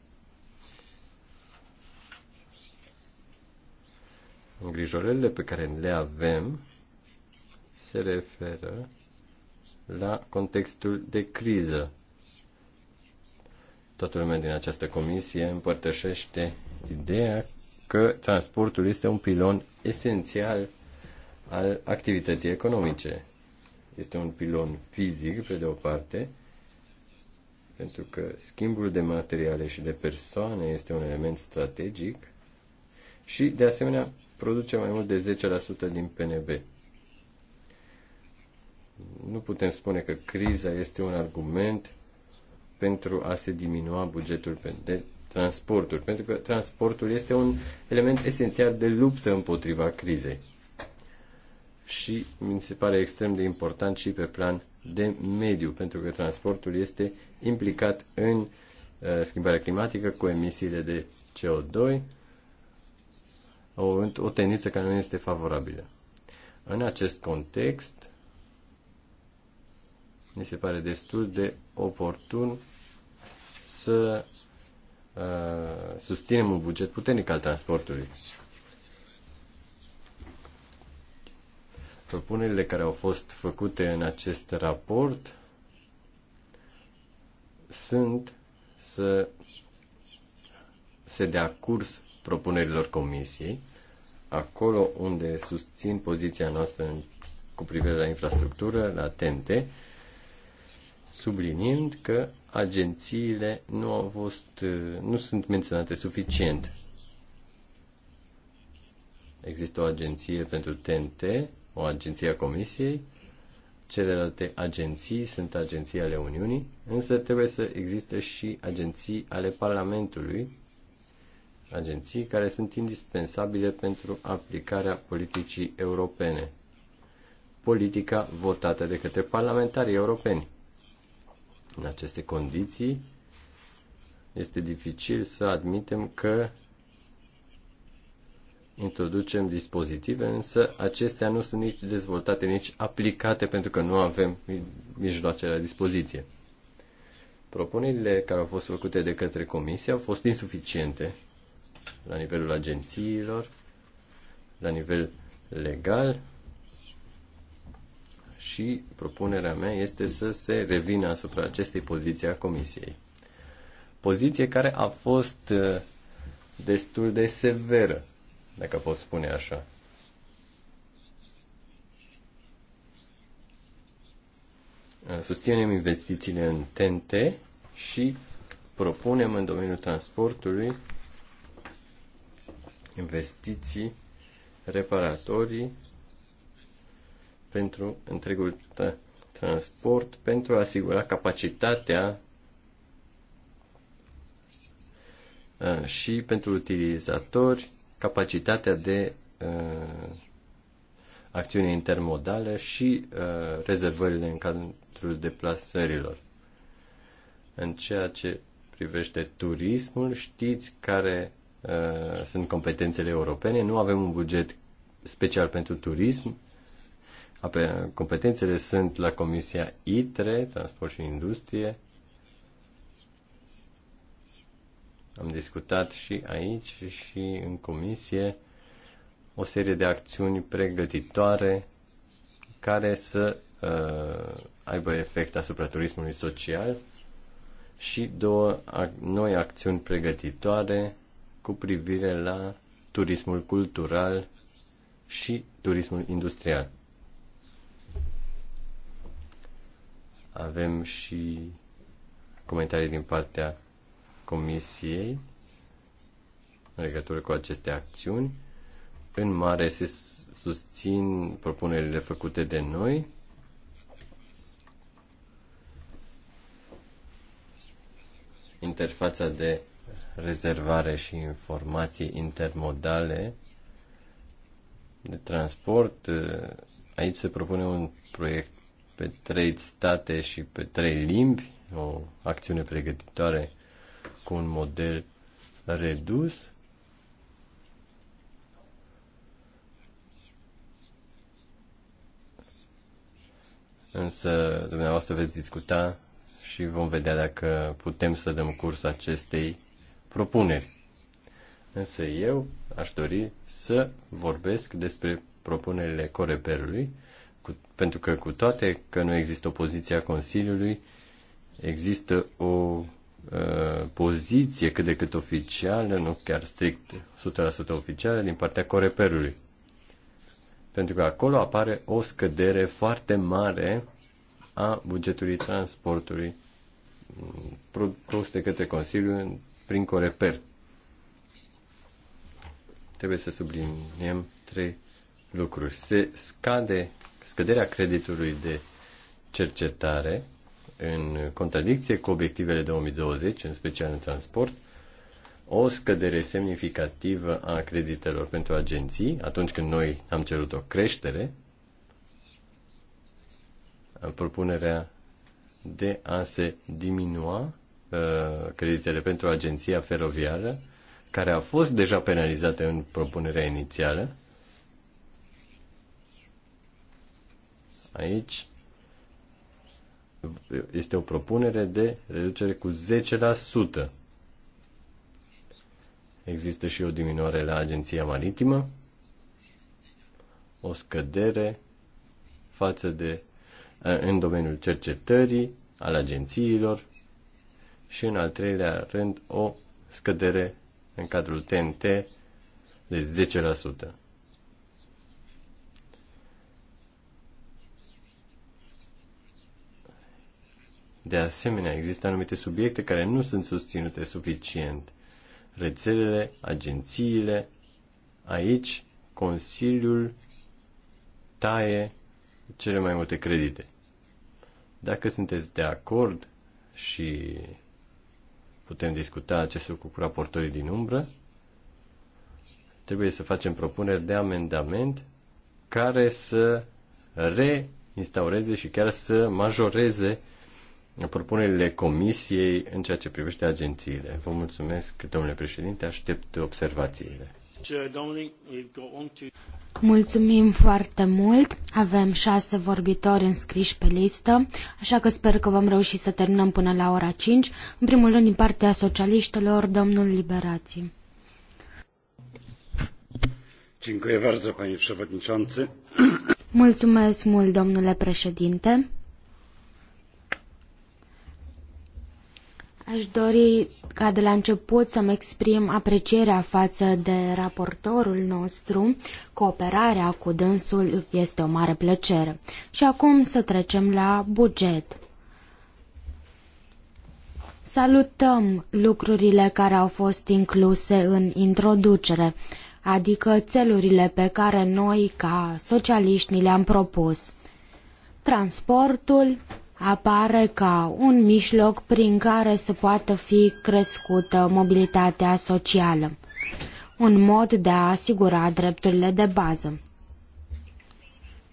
S3: Îngrijorările pe care le avem se referă la contextul de criză Toată lumea din această comisie împărtășește ideea că transportul este un pilon esențial al activității economice. Este un pilon fizic, pe de o parte, pentru că schimbul de materiale și de persoane este un element strategic și, de asemenea, produce mai mult de 10% din PNB. Nu putem spune că criza este un argument pentru a se diminua bugetul de transporturi, pentru că transportul este un element esențial de luptă împotriva crizei. Și mi se pare extrem de important și pe plan de mediu, pentru că transportul este implicat în uh, schimbarea climatică cu emisiile de CO2, o, o tendință care nu este favorabilă. În acest context, mi se pare destul de oportun să uh, susținem un buget puternic al transportului. Propunerile care au fost făcute în acest raport sunt să se dea curs propunerilor comisiei, acolo unde susțin poziția noastră în, cu privire la infrastructură, la TNT, subliniind că agențiile nu au fost, nu sunt menționate suficient. Există o agenție pentru TNT, o agenție a Comisiei, celelalte agenții sunt agenții ale Uniunii, însă trebuie să existe și agenții ale Parlamentului, agenții care sunt indispensabile pentru aplicarea politicii europene, politica votată de către parlamentarii europeni. În aceste condiții, este dificil să admitem că introducem dispozitive, însă acestea nu sunt nici dezvoltate, nici aplicate, pentru că nu avem mijloacele la dispoziție. Propunerile care au fost făcute de către comisie au fost insuficiente la nivelul agențiilor, la nivel legal, și propunerea mea este să se revină asupra acestei poziții a Comisiei. Poziție care a fost uh, destul de severă, dacă pot spune așa. Uh, susținem investițiile în TNT și propunem în domeniul transportului investiții reparatorii pentru întregul transport, pentru a asigura capacitatea și pentru utilizatori capacitatea de a, acțiune intermodală și a, rezervările în cadrul deplasărilor. În ceea ce privește turismul, știți care sunt competențele europene. Nu avem un buget special pentru turism, Competențele sunt la Comisia ITRE, Transport și Industrie. Am discutat și aici și în comisie o serie de acțiuni pregătitoare care să uh, aibă efect asupra turismului social și două ac- noi acțiuni pregătitoare cu privire la turismul cultural și turismul industrial. Avem și comentarii din partea Comisiei în legătură cu aceste acțiuni. În mare se susțin propunerile făcute de noi. Interfața de rezervare și informații intermodale de transport. Aici se propune un proiect pe trei state și pe trei limbi, o acțiune pregătitoare cu un model redus. Însă, dumneavoastră veți discuta și vom vedea dacă putem să dăm curs acestei propuneri. Însă eu aș dori să vorbesc despre propunerile Coreperului cu, pentru că cu toate că nu există o poziție a Consiliului, există o uh, poziție cât de cât oficială, nu chiar strict 100% oficială, din partea Coreperului. Pentru că acolo apare o scădere foarte mare a bugetului transportului mm, produs de către Consiliu prin Coreper. Trebuie să subliniem trei lucruri. Se scade scăderea creditului de cercetare în contradicție cu obiectivele 2020, în special în transport, o scădere semnificativă a creditelor pentru agenții, atunci când noi am cerut o creștere, propunerea de a se diminua uh, creditele pentru agenția feroviară, care a fost deja penalizată în propunerea inițială, Aici este o propunere de reducere cu 10%. Există și o diminuare la agenția maritimă, o scădere față de în domeniul cercetării, al agențiilor și în al treilea rând o scădere în cadrul TNT de 10%. De asemenea, există anumite subiecte care nu sunt susținute suficient. Rețelele, agențiile, aici Consiliul taie cele mai multe credite. Dacă sunteți de acord și putem discuta acest lucru cu raportorii din umbră, trebuie să facem propuneri de amendament care să reinstaureze și chiar să majoreze uh, propunerile comisiei în ceea ce privește agențiile. Vă mulțumesc, domnule președinte, aștept observațiile.
S1: Mulțumim foarte mult. Avem șase vorbitori înscriși pe listă, așa că sper că vom reuși să terminăm până la ora 5. În primul rând, din partea socialiștilor, domnul Liberații. Mulțumesc mult, domnule președinte. Aș dori ca de la început să-mi exprim aprecierea față de raportorul nostru. Cooperarea cu dânsul este o mare plăcere. Și acum să trecem la buget. Salutăm lucrurile care au fost incluse în introducere, adică țelurile pe care noi, ca socialiști, ni le-am propus. Transportul, apare ca un mijloc prin care să poată fi crescută mobilitatea socială, un mod de a asigura drepturile de bază.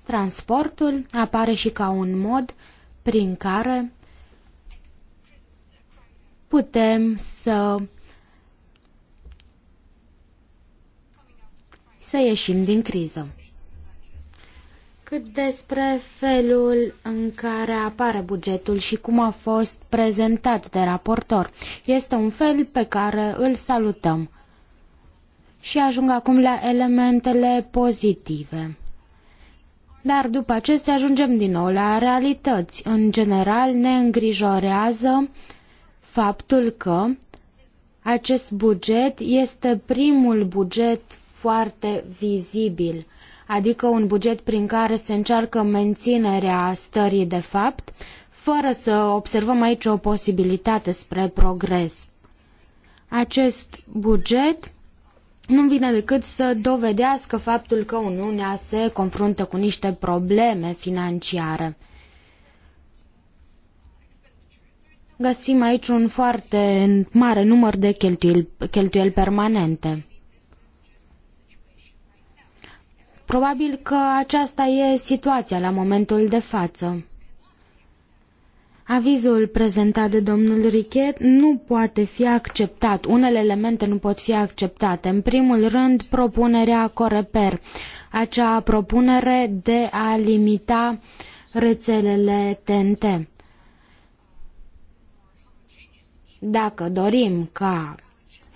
S1: Transportul apare și ca un mod prin care putem să să ieșim din criză cât despre felul în care apare bugetul și cum a fost prezentat de raportor. Este un fel pe care îl salutăm. Și ajung acum la elementele pozitive. Dar după acestea ajungem din nou la realități. În general ne îngrijorează faptul că acest buget este primul buget foarte vizibil adică un buget prin care se încearcă menținerea stării de fapt, fără să observăm aici o posibilitate spre progres. Acest buget nu vine decât să dovedească faptul că Uniunea se confruntă cu niște probleme financiare. Găsim aici un foarte mare număr de cheltuieli, cheltuieli permanente. Probabil că aceasta e situația la momentul de față. Avizul prezentat de domnul Richet nu poate fi acceptat. Unele elemente nu pot fi acceptate. În primul rând, propunerea Coreper, acea propunere de a limita rețelele TNT. Dacă dorim ca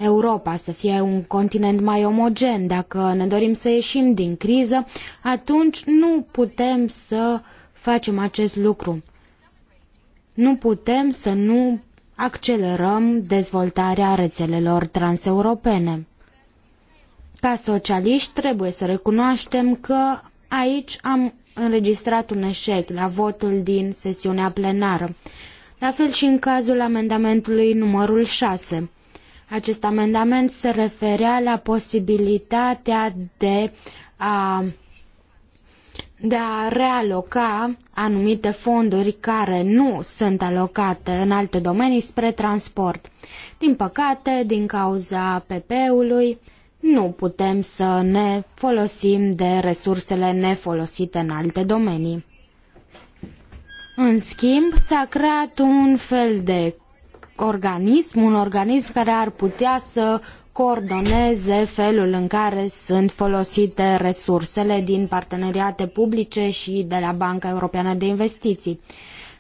S1: Europa să fie un continent mai omogen, dacă ne dorim să ieșim din criză, atunci nu putem să facem acest lucru. Nu putem să nu accelerăm dezvoltarea rețelelor transeuropene. Ca socialiști trebuie să recunoaștem că aici am înregistrat un eșec la votul din sesiunea plenară. La fel și în cazul amendamentului numărul 6. Acest amendament se referea la posibilitatea de a, de a realoca anumite fonduri care nu sunt alocate în alte domenii spre transport. Din păcate, din cauza PP-ului, nu putem să ne folosim de resursele nefolosite în alte domenii. În schimb, s-a creat un fel de organism, un organism care ar putea să coordoneze felul în care sunt folosite resursele din parteneriate publice și de la Banca Europeană de Investiții.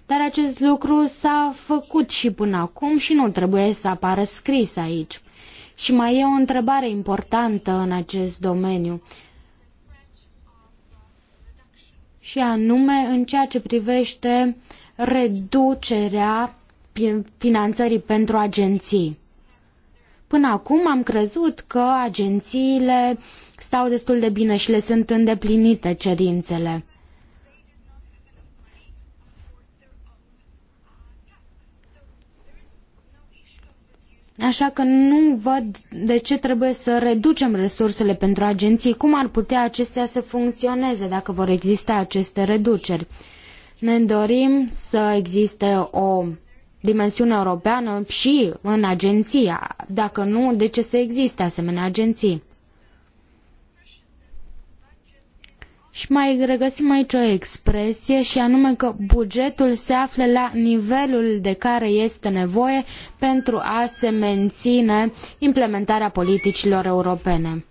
S1: Dar acest lucru s-a făcut și până acum și nu trebuie să apară scris aici. Și mai e o întrebare importantă în acest domeniu. Și anume în ceea ce privește reducerea finanțării pentru agenții. Până acum am crezut că agențiile stau destul de bine și le sunt îndeplinite cerințele. Așa că nu văd de ce trebuie să reducem resursele pentru agenții, cum ar putea acestea să funcționeze dacă vor exista aceste reduceri. Ne dorim să existe o dimensiune europeană și în agenția. Dacă nu, de ce să existe asemenea agenții? Și mai regăsim aici o expresie și anume că bugetul se află la nivelul de care este nevoie pentru a se menține implementarea politicilor europene.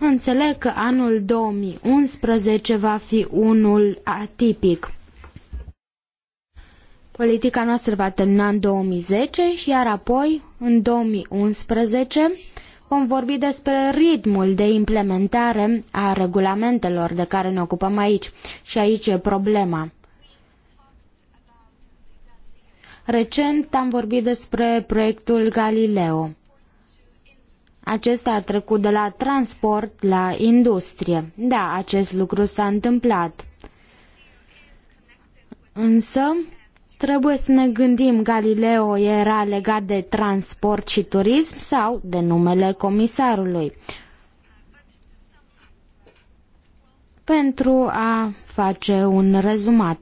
S1: Înțeleg că anul 2011 va fi unul atipic. Politica noastră va termina în 2010 și iar apoi, în 2011, vom vorbi despre ritmul de implementare a regulamentelor de care ne ocupăm aici. Și aici e problema. Recent am vorbit despre proiectul Galileo. Acesta a trecut de la transport la industrie. Da, acest lucru s-a întâmplat. Însă, Trebuie să ne gândim, Galileo era legat de transport și turism sau de numele comisarului? Pentru a face un rezumat,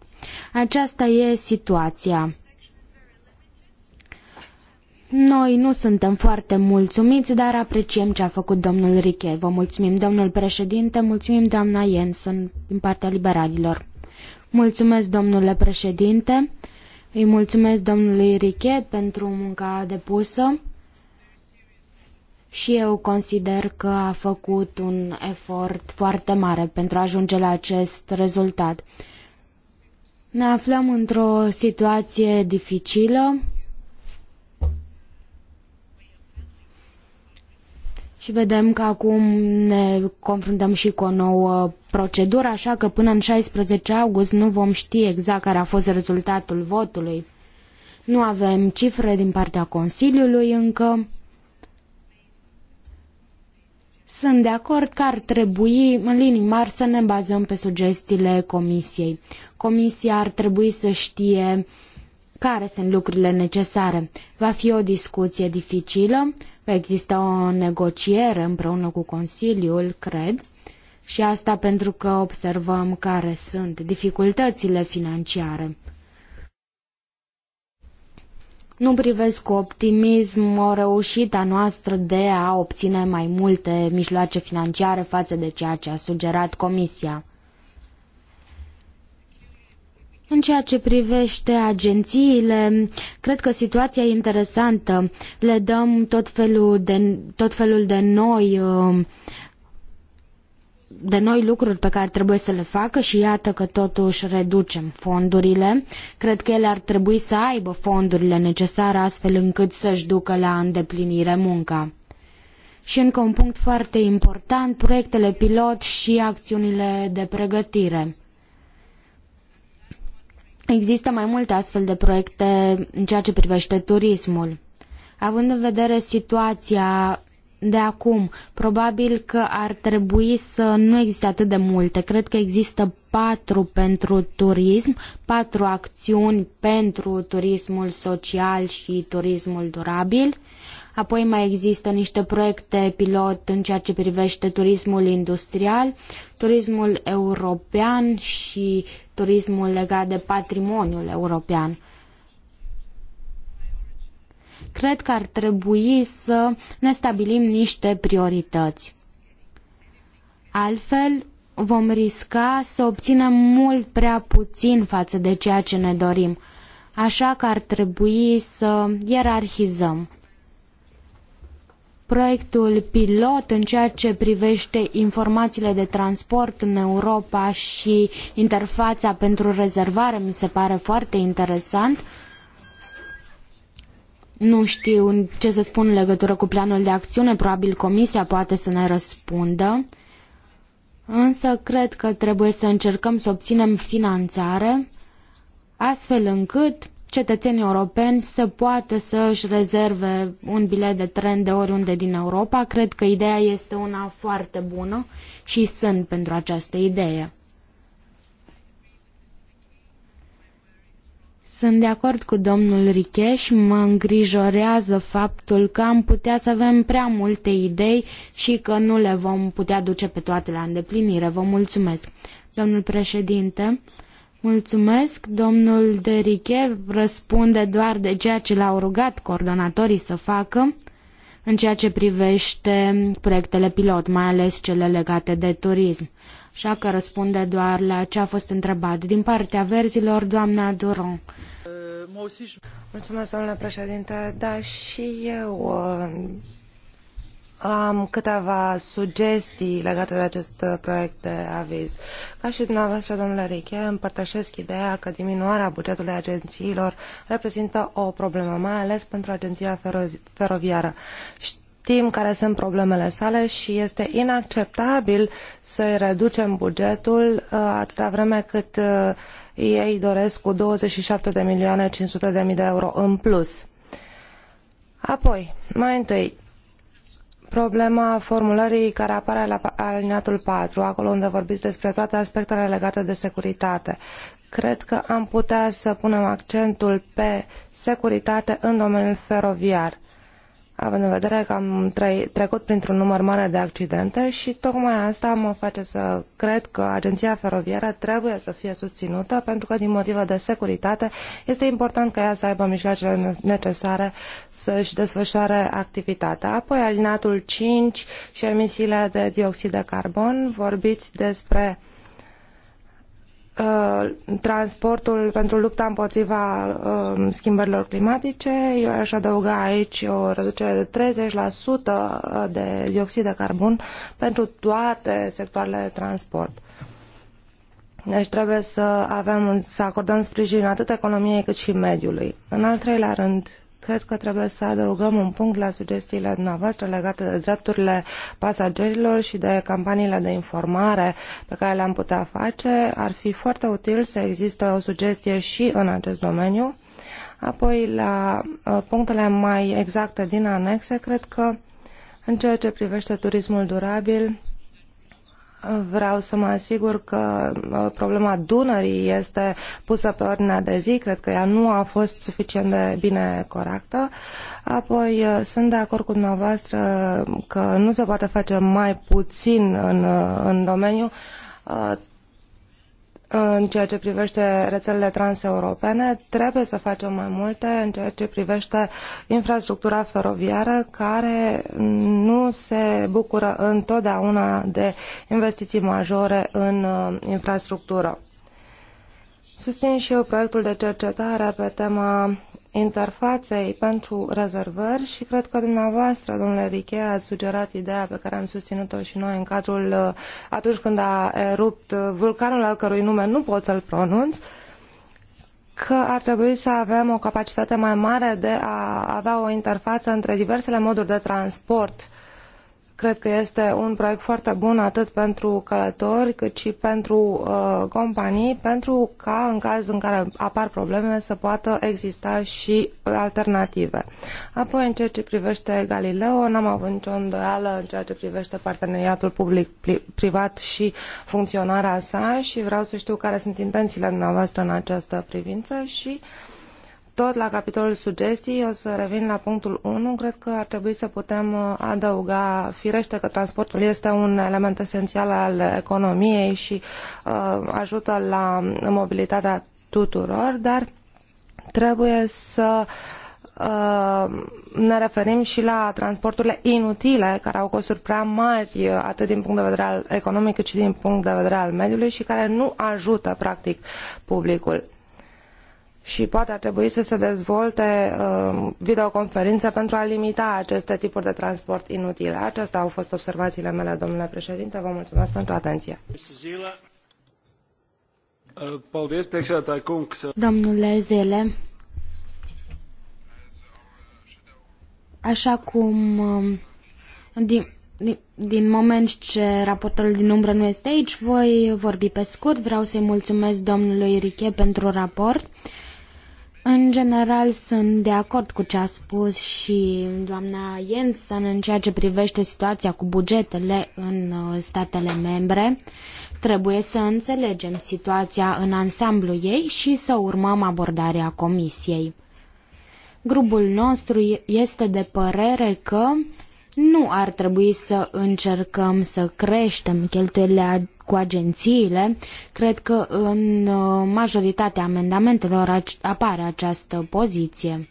S1: aceasta e situația. Noi nu suntem foarte mulțumiți, dar apreciem ce a făcut domnul Riche. Vă mulțumim, domnul președinte, mulțumim, doamna Jensen, din partea liberalilor. Mulțumesc, domnule președinte. Îi mulțumesc domnului Riche pentru munca depusă și eu consider că a făcut un efort foarte mare pentru a ajunge la acest rezultat. Ne aflăm într-o situație dificilă și vedem că acum ne confruntăm și cu o nouă procedură, așa că până în 16 august nu vom ști exact care a fost rezultatul votului. Nu avem cifre din partea Consiliului încă. Sunt de acord că ar trebui, în linii mari, să ne bazăm pe sugestiile Comisiei. Comisia ar trebui să știe care sunt lucrurile necesare. Va fi o discuție dificilă, Există o negociere împreună cu Consiliul, cred, și asta pentru că observăm care sunt dificultățile financiare. Nu privesc cu optimism o reușită noastră de a obține mai multe mijloace financiare față de ceea ce a sugerat Comisia. În ceea ce privește agențiile, cred că situația e interesantă. Le dăm tot felul de, tot felul de noi uh, de noi lucruri pe care trebuie să le facă și iată că totuși reducem fondurile. Cred că ele ar trebui să aibă fondurile necesare astfel încât să-și ducă la îndeplinire munca. Și încă un punct foarte important, proiectele pilot și acțiunile de pregătire Există mai multe astfel de proiecte în ceea ce privește turismul. Având în vedere situația de acum, probabil că ar trebui să nu existe atât de multe. Cred că există patru pentru turism, patru acțiuni pentru turismul social și turismul durabil. Apoi mai există niște proiecte pilot în ceea ce privește turismul industrial, turismul european și turismul legat de patrimoniul european. Cred că ar trebui să ne stabilim niște priorități. Altfel, vom risca să obținem mult prea puțin față de ceea ce ne dorim. Așa că ar trebui să ierarhizăm proiectul pilot în ceea ce privește informațiile de transport în Europa și interfața pentru rezervare mi se pare foarte interesant. Nu știu ce să spun în legătură cu planul de acțiune, probabil comisia poate să ne răspundă. Însă cred că trebuie să încercăm să obținem finanțare astfel încât cetățenii europeni să poată să își rezerve un bilet de tren de oriunde din Europa. Cred că ideea este una foarte bună și sunt pentru această idee. Sunt de acord cu domnul Riche și mă îngrijorează faptul că am putea să avem prea multe idei și că nu le vom putea duce pe toate la îndeplinire. Vă mulțumesc. Domnul președinte, Mulțumesc, domnul Deriche răspunde doar de ceea ce l-au rugat coordonatorii să facă în ceea ce privește proiectele pilot, mai ales cele legate de turism. Așa că răspunde doar la ce a fost întrebat din partea verzilor, doamna Duron.
S2: Mulțumesc, domnule președinte. Da, și eu
S1: uh, am câteva
S2: sugestii legate de acest uh, proiect de aviz. Ca și dumneavoastră, domnule Riche, împărtășesc ideea că diminuarea bugetului agențiilor reprezintă o problemă, mai ales pentru agenția fero- feroviară. Știm care sunt problemele sale și este inacceptabil să-i reducem bugetul uh, atâta vreme cât uh, ei doresc cu 27 de milioane 500 de mii de euro în plus. Apoi, mai întâi, problema formulării care apare la alineatul 4, acolo unde vorbiți despre toate aspectele legate de securitate. Cred că am putea să punem accentul pe securitate în domeniul feroviar având în vedere că am trecut printr-un număr mare de accidente și tocmai asta mă face să cred că agenția feroviară trebuie să fie susținută pentru că din motive de securitate este important ca ea să aibă mijloacele necesare să-și desfășoare activitatea. Apoi alineatul 5 și emisiile de dioxid de carbon, vorbiți despre Uh, transportul pentru lupta împotriva um, schimbărilor climatice. Eu aș adăuga aici o reducere de 30% uh, de dioxid de carbon pentru toate sectoarele de transport. Deci trebuie să avem, să acordăm sprijin atât economiei cât și mediului. În al treilea rând, Cred că trebuie să adăugăm un punct la sugestiile dumneavoastră legate de drepturile pasagerilor și de campaniile de informare pe care le-am putea face. Ar fi foarte util să existe o sugestie și în acest domeniu. Apoi, la uh, punctele mai exacte din anexe, cred că în ceea ce privește turismul durabil, Vreau să mă asigur că uh, problema Dunării este pusă pe ordinea de zi. Cred că ea nu a fost suficient de bine corectă. Apoi, uh, sunt de acord cu dumneavoastră că nu se poate face mai puțin în, uh, în domeniu în ceea ce privește rețelele transeuropene, trebuie să facem mai multe în ceea ce privește infrastructura feroviară, care nu se bucură întotdeauna de investiții majore în uh, infrastructură. Susțin și eu proiectul de cercetare pe tema interfaței pentru rezervări și cred că dumneavoastră, domnule Riche, a sugerat ideea pe care am susținut-o și noi în cadrul uh, atunci când a erupt vulcanul al cărui nume nu pot să-l pronunț, că ar trebui să avem o capacitate mai mare de a avea o interfață între diversele moduri de transport Cred că este un proiect foarte bun atât pentru călători cât și pentru uh, companii, pentru ca în cazul în care apar probleme să poată exista și alternative. Apoi, în ceea ce privește Galileo, n-am avut nicio îndoială în ceea ce privește parteneriatul public-privat și funcționarea sa și vreau să știu care sunt intențiile dumneavoastră în această privință și uh, tot la capitolul sugestii, o să revin la punctul 1. Cred că ar trebui să putem uh, adăuga, firește că transportul este un element esențial al economiei și uh, ajută la mobilitatea tuturor, dar trebuie să uh, ne referim și la transporturile inutile, care au costuri prea mari, uh, atât din punct de vedere al economic, cât și din punct de vedere al mediului și care nu ajută, practic, publicul și poate ar trebui să se dezvolte videoconferine uh, videoconferințe pentru a limita aceste tipuri de transport inutile. Acestea au fost observațiile mele, domnule președinte. Vă mulțumesc pentru atenție.
S1: Domnule Zele, așa cum um, din, din, din moment ce raportorul din umbră nu este aici, voi vorbi pe scurt. Vreau să-i mulțumesc domnului Riche pentru raport. Uh, în general sunt de acord cu ce a spus și doamna Jensen în ceea ce privește situația cu bugetele în uh, statele membre. Trebuie să înțelegem situația în ansamblu ei și să urmăm abordarea Comisiei. Grupul nostru este de părere că nu ar trebui să încercăm să creștem cheltuielile cu agențiile, cred că în uh, majoritatea amendamentelor apare această poziție.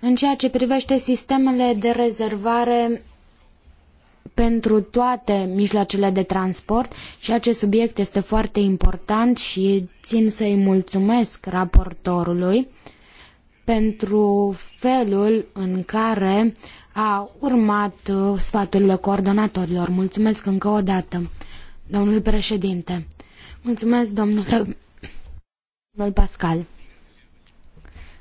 S1: În ceea ce privește sistemele de rezervare pentru toate mijloacele de transport și acest subiect este foarte important și țin să-i mulțumesc raportorului pentru felul în care a urmat uh, sfaturile coordonatorilor. Mulțumesc încă o dată, domnul președinte. Mulțumesc, domnule, domnul Pascal.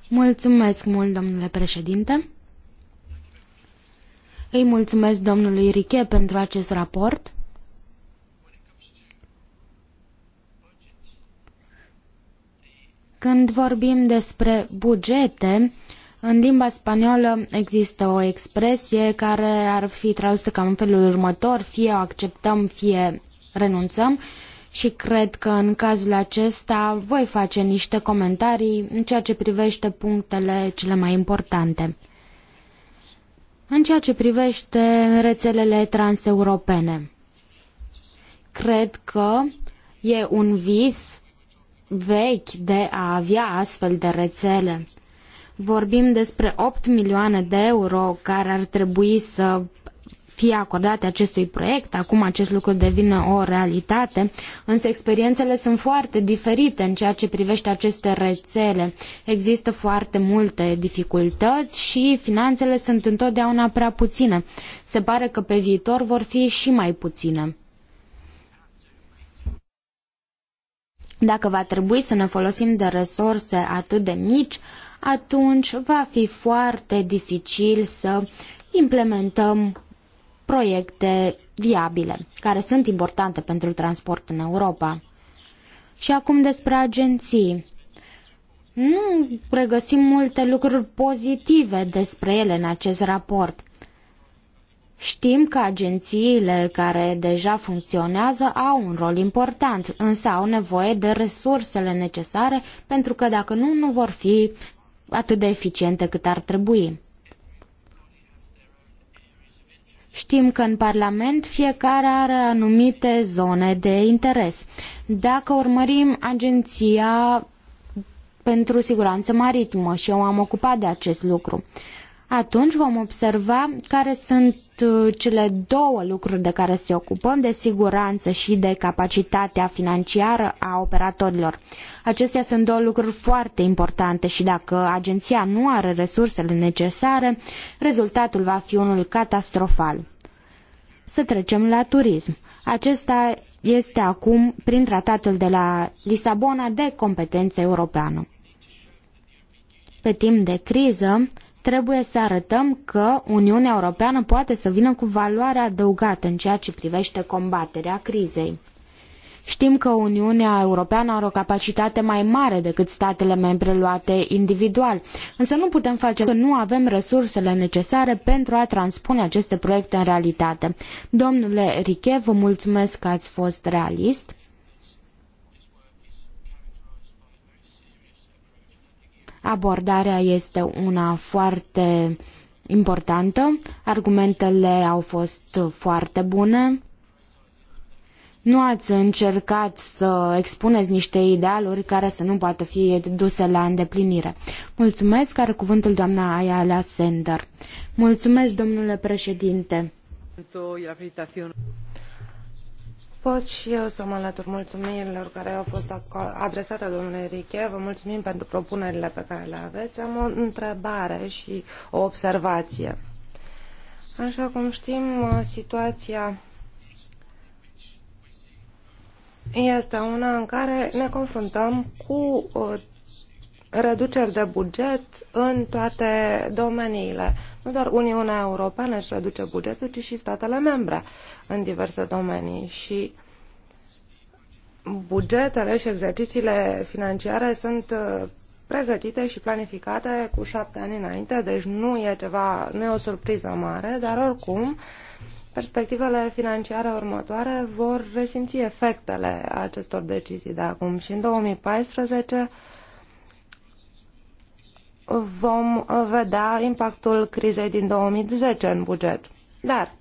S1: Mulțumesc mult, domnule președinte. Îi mulțumesc domnului Riche pentru acest raport. Când vorbim despre bugete, uh, în limba spaniolă există o expresie care ar fi tradusă cam în felul următor, fie o acceptăm, fie renunțăm și cred că în cazul acesta voi face niște comentarii în ceea ce privește punctele cele mai importante. În ceea ce privește rețelele transeuropene, cred că e un vis vechi de a avea astfel de rețele Vorbim despre 8 milioane de euro care ar trebui să fie acordate acestui proiect, acum acest lucru devine o realitate, însă experiențele sunt foarte diferite în ceea ce privește aceste rețele. Există foarte multe dificultăți și finanțele sunt întotdeauna prea puține. Se pare că pe viitor vor fi și mai puține. Dacă va trebui să ne folosim de resurse atât de mici, atunci va fi foarte dificil să implementăm proiecte viabile, care sunt importante pentru transport în Europa. Și acum despre agenții. Nu regăsim multe lucruri pozitive despre ele în acest raport. Știm că agențiile care deja funcționează au un rol important, însă au nevoie de resursele necesare pentru că dacă nu, nu vor fi atât de eficiente cât ar trebui. Știm că în Parlament fiecare are anumite zone de interes. Dacă urmărim Agenția pentru Siguranță Maritimă și eu am ocupat de acest lucru, uh, atunci vom observa care sunt uh, cele două lucruri de care se ocupăm, de siguranță și de capacitatea financiară a operatorilor. Acestea sunt două lucruri foarte importante și dacă agenția nu are resursele necesare, rezultatul va fi unul catastrofal. Să trecem la turism. Acesta este acum, prin tratatul de la Lisabona, de competență europeană. Pe timp de criză, Trebuie să arătăm că Uniunea Europeană poate să vină cu valoare adăugată în ceea ce privește combaterea crizei. Știm că Uniunea Europeană are o capacitate mai mare decât statele membre luate individual, însă nu putem face că nu avem resursele necesare pentru a transpune aceste proiecte în realitate. Domnule Riche, vă mulțumesc că ați fost realist. Abordarea este una foarte importantă, argumentele au fost foarte bune. Nu ați încercat să expuneți niște idealuri care să nu poată fi duse la îndeplinire. Mulțumesc, are cuvântul doamna Ayala Sender. Mulțumesc, domnule președinte.
S2: Pot și eu să mă alătur mulțumirilor care au fost adresate domnului Riche. Vă mulțumim pentru propunerile pe care le aveți. Am o întrebare și o observație. Așa cum știm, situația este una în care ne confruntăm cu uh, reduceri de buget în toate domeniile. Nu doar Uniunea Europeană își reduce bugetul, ci și statele membre în diverse domenii. Și bugetele și exercițiile financiare sunt uh, pregătite și planificate cu șapte ani înainte, deci nu e, ceva, nu e o surpriză mare, dar oricum perspectivele financiare următoare vor resimți efectele acestor decizii de acum și în 2014 vom vedea impactul crizei din 2010 în buget. Dar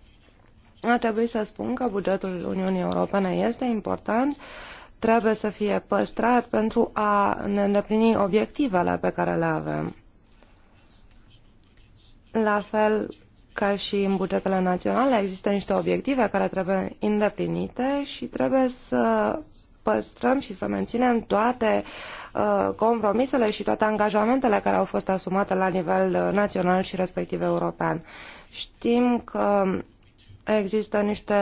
S2: ar trebui să spun că bugetul Uniunii Europene este important, trebuie să fie păstrat pentru a ne îndeplini obiectivele pe care le avem. La fel ca și în bugetele naționale, există niște obiective care trebuie îndeplinite și trebuie să păstrăm și să menținem toate uh, compromisele și toate angajamentele care au fost asumate la nivel uh, național și respectiv european. Știm că există niște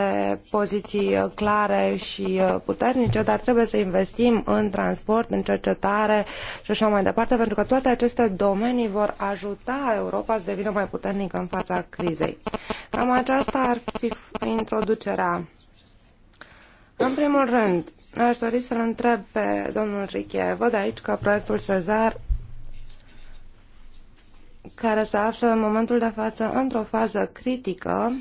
S2: poziții uh, clare și puternice, dar trebuie să investim în transport, în cercetare și așa mai departe, pentru că toate aceste domenii vor ajuta Europa să devină mai puternică în fața crizei. Cam aceasta ar fi introducerea în primul rând, aș dori să-l întreb pe domnul Riche. Văd aici că proiectul Sezar, care se află în momentul de față într-o fază critică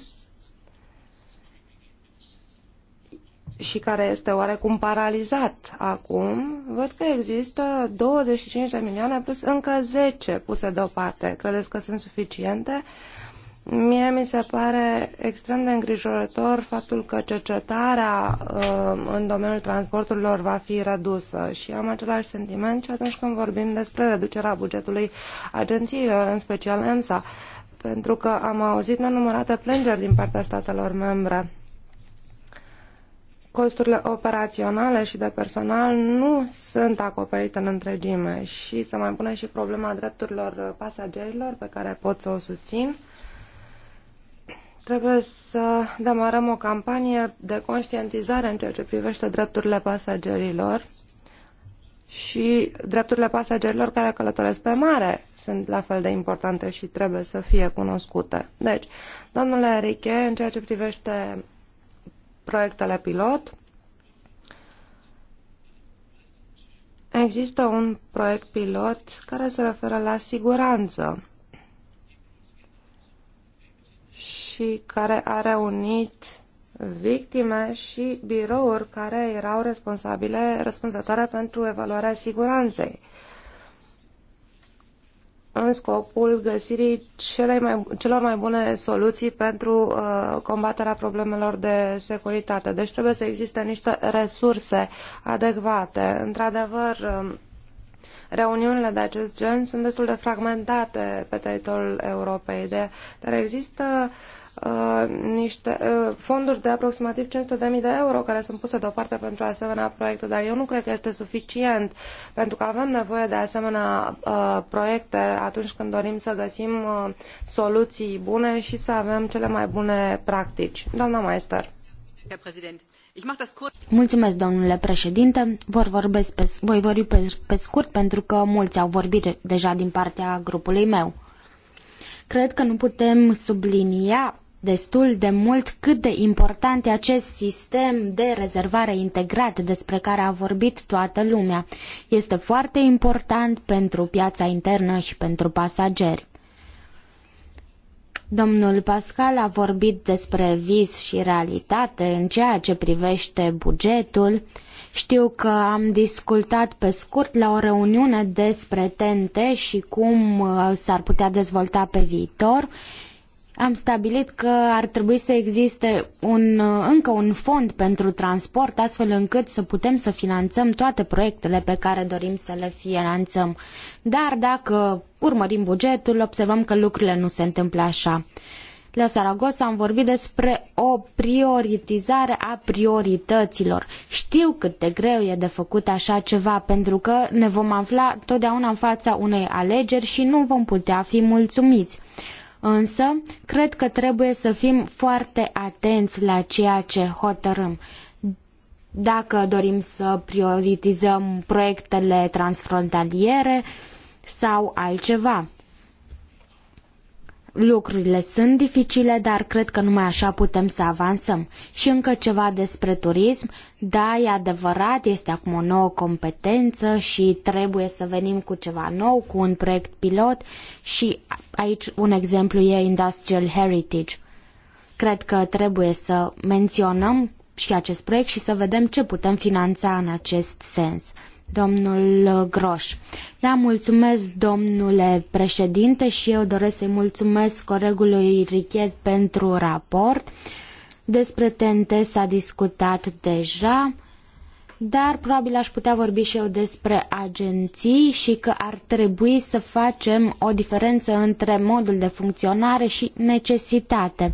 S2: și care este oarecum paralizat acum, văd că există 25 de milioane plus încă 10 puse deoparte. Credeți că sunt suficiente? Mie mi se pare extrem de îngrijorător faptul că cercetarea um, în domeniul transporturilor va fi redusă și am același sentiment și atunci când vorbim despre reducerea bugetului agențiilor, în special EMSA, pentru că am auzit nenumărate plângeri din partea statelor membre costurile operaționale și de personal nu sunt acoperite în întregime și să mai pune și problema drepturilor pasagerilor pe care pot să o susțin. Trebuie să demarăm o campanie de conștientizare în ceea ce privește drepturile pasagerilor și drepturile pasagerilor care călătoresc pe mare sunt la fel de importante și trebuie să fie cunoscute. Deci, domnule Enrique, în ceea ce privește proiectele pilot, există un proiect pilot care se referă la siguranță și care a reunit victime și birouri care erau responsabile, răspunzătoare pentru evaluarea siguranței în scopul găsirii cele mai, celor mai bune soluții pentru uh, combaterea problemelor de securitate. Deci trebuie să existe niște resurse adecvate. Într-adevăr, uh, reuniunile de acest gen sunt destul de fragmentate pe teritoriul Europei, de, dar există uh, niște uh, fonduri de aproximativ 500.000 de euro care sunt puse deoparte pentru asemenea proiecte, dar eu nu cred că este suficient pentru că avem nevoie de asemenea uh, proiecte atunci când dorim să găsim uh, soluții bune și să avem cele mai bune practici. Doamna Maester. Herr Präsident.
S1: Mulțumesc, domnule președinte. Vor vorbesc pe, voi vorbi pe, pe scurt pentru că mulți au vorbit deja din partea grupului meu. Cred că nu putem sublinia destul de mult cât de important e acest sistem de rezervare integrat despre care a vorbit toată lumea. Este foarte important pentru piața internă și pentru pasageri. Domnul Pascal a vorbit despre vis și realitate în ceea ce privește bugetul. Știu că am discutat pe scurt la o reuniune despre TNT și cum uh, s-ar putea dezvolta pe viitor am stabilit că ar trebui să existe un, încă un fond pentru transport, astfel încât să putem să finanțăm toate proiectele pe care dorim să le finanțăm. Dar dacă urmărim bugetul, observăm că lucrurile nu se întâmplă așa. La Saragossa am vorbit despre o prioritizare a priorităților. Știu cât de greu e de făcut așa ceva, pentru că ne vom afla totdeauna în fața unei alegeri și nu vom putea fi mulțumiți. Însă, cred că trebuie să fim foarte atenți la ceea ce hotărâm. Dacă dorim să prioritizăm proiectele transfrontaliere sau altceva. Lucrurile sunt dificile, dar cred că numai așa putem să avansăm. Și încă ceva despre turism. Da, e adevărat, este acum o nouă competență și trebuie să venim cu ceva nou, cu un proiect pilot și aici un exemplu e Industrial Heritage. Cred că trebuie să menționăm și acest proiect și să vedem ce putem finanța în acest sens domnul uh, Groș. Da, mulțumesc, domnule președinte, și eu doresc să-i mulțumesc colegului Richet pentru raport. Despre TNT s-a discutat deja, dar probabil aș putea vorbi și eu despre agenții și că ar trebui să facem o diferență între modul de funcționare și necesitate.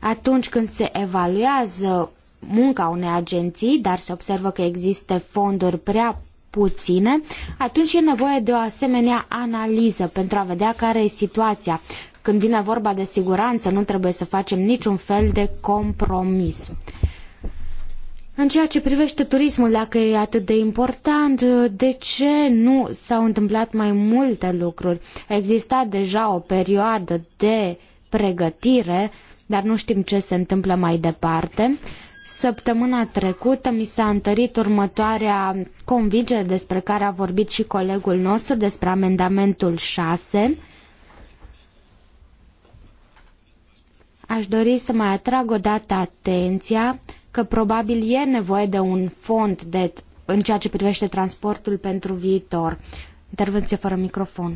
S1: Atunci când se evaluează munca unei agenții, dar se observă că există fonduri prea puține, atunci e nevoie de o asemenea analiză pentru a vedea care e situația. Când vine vorba de siguranță, nu trebuie să facem niciun fel de compromis. În ceea ce privește turismul, dacă e atât de important, de ce nu s-au întâmplat mai multe lucruri? existat deja o perioadă de pregătire, dar nu știm ce se întâmplă mai departe. Săptămâna trecută mi s-a întărit următoarea convingere despre care a vorbit și colegul nostru despre amendamentul 6. Aș dori să mai atrag o dată atenția că probabil e nevoie de un fond de, în ceea ce privește transportul pentru viitor. Intervenție fără microfon.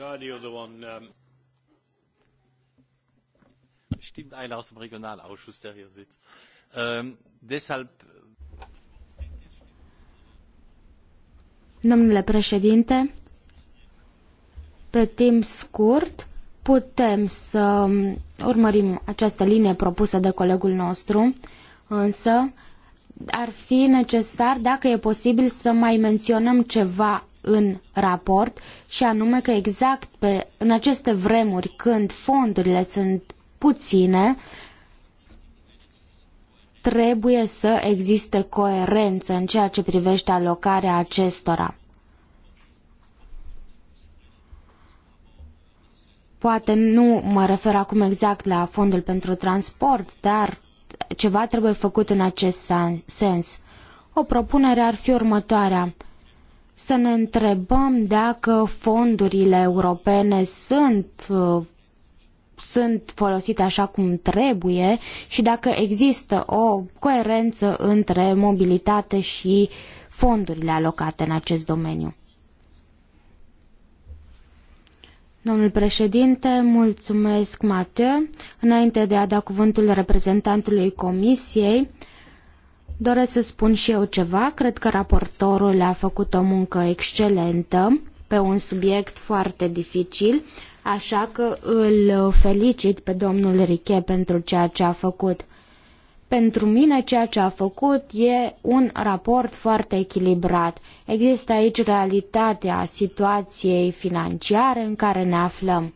S3: Um, Stimmt einer aus dem Regionalausschuss, der hier sitzt. Ähm, deshalb.
S1: Domnule președinte, pe timp scurt putem să urmărim această linie propusă de colegul nostru, însă ar fi necesar, dacă e posibil, să mai menționăm ceva în raport și anume că exact pe, în aceste vremuri când fondurile sunt puține, trebuie să existe coerență în ceea ce privește alocarea acestora. Poate nu mă refer acum exact la fondul pentru transport, dar ceva trebuie făcut în acest sens. O propunere ar fi următoarea. Să ne întrebăm dacă fondurile europene sunt uh, sunt folosite așa cum trebuie și dacă există o coerență între mobilitate și fondurile alocate în acest domeniu. Domnul președinte, mulțumesc, Mateu. Înainte de a da cuvântul reprezentantului Comisiei, doresc să spun și eu ceva. Cred că raportorul a făcut o muncă excelentă pe un subiect foarte dificil, așa că îl felicit pe domnul Riche pentru ceea ce a făcut. Pentru mine ceea ce a făcut e un raport foarte echilibrat. Există aici realitatea situației financiare în care ne aflăm.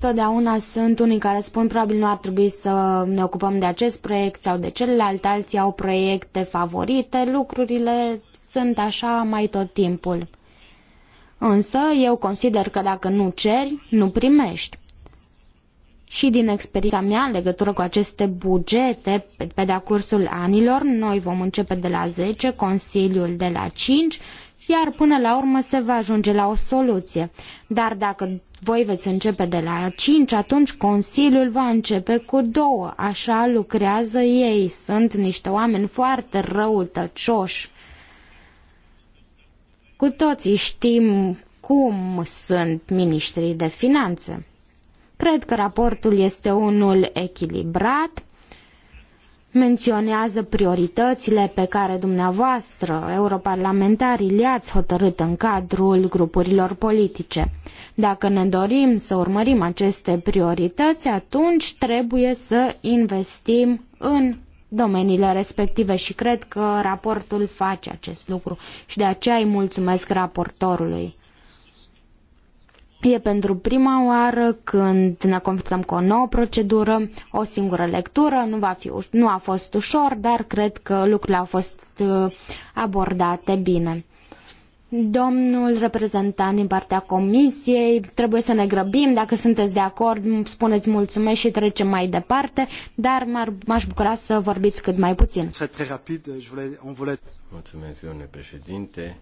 S1: Totdeauna sunt unii care spun probabil nu ar trebui să ne ocupăm de acest proiect sau de celelalte, alții au proiecte favorite, lucrurile sunt așa mai tot timpul. Însă eu consider că dacă nu ceri, nu primești și din experiența mea în legătură cu aceste bugete pe de-a cursul anilor, noi vom începe de la 10, Consiliul de la 5, iar până la urmă se va ajunge la o soluție. Dar dacă voi veți începe de la 5, atunci Consiliul va începe cu 2. Așa lucrează ei. Sunt niște oameni foarte răutăcioși. Cu toții știm cum sunt ministrii de finanțe. Cred că raportul este unul echilibrat, menționează prioritățile pe care dumneavoastră, europarlamentarii, le-ați hotărât în cadrul grupurilor politice. Dacă ne dorim să urmărim aceste priorități, atunci trebuie să investim în domeniile respective și cred că raportul face acest lucru și de aceea îi mulțumesc raportorului. E pentru prima oară când ne confruntăm cu o nouă procedură, o singură lectură, nu, va fi, nu a fost ușor, dar cred că lucrurile au fost uh, abordate bine. Domnul reprezentant din partea comisiei, trebuie să ne grăbim, dacă sunteți de acord, spuneți mulțumesc și trecem mai departe, dar m-aș bucura să vorbiți cât mai puțin.
S3: Mulțumesc, domnule președinte,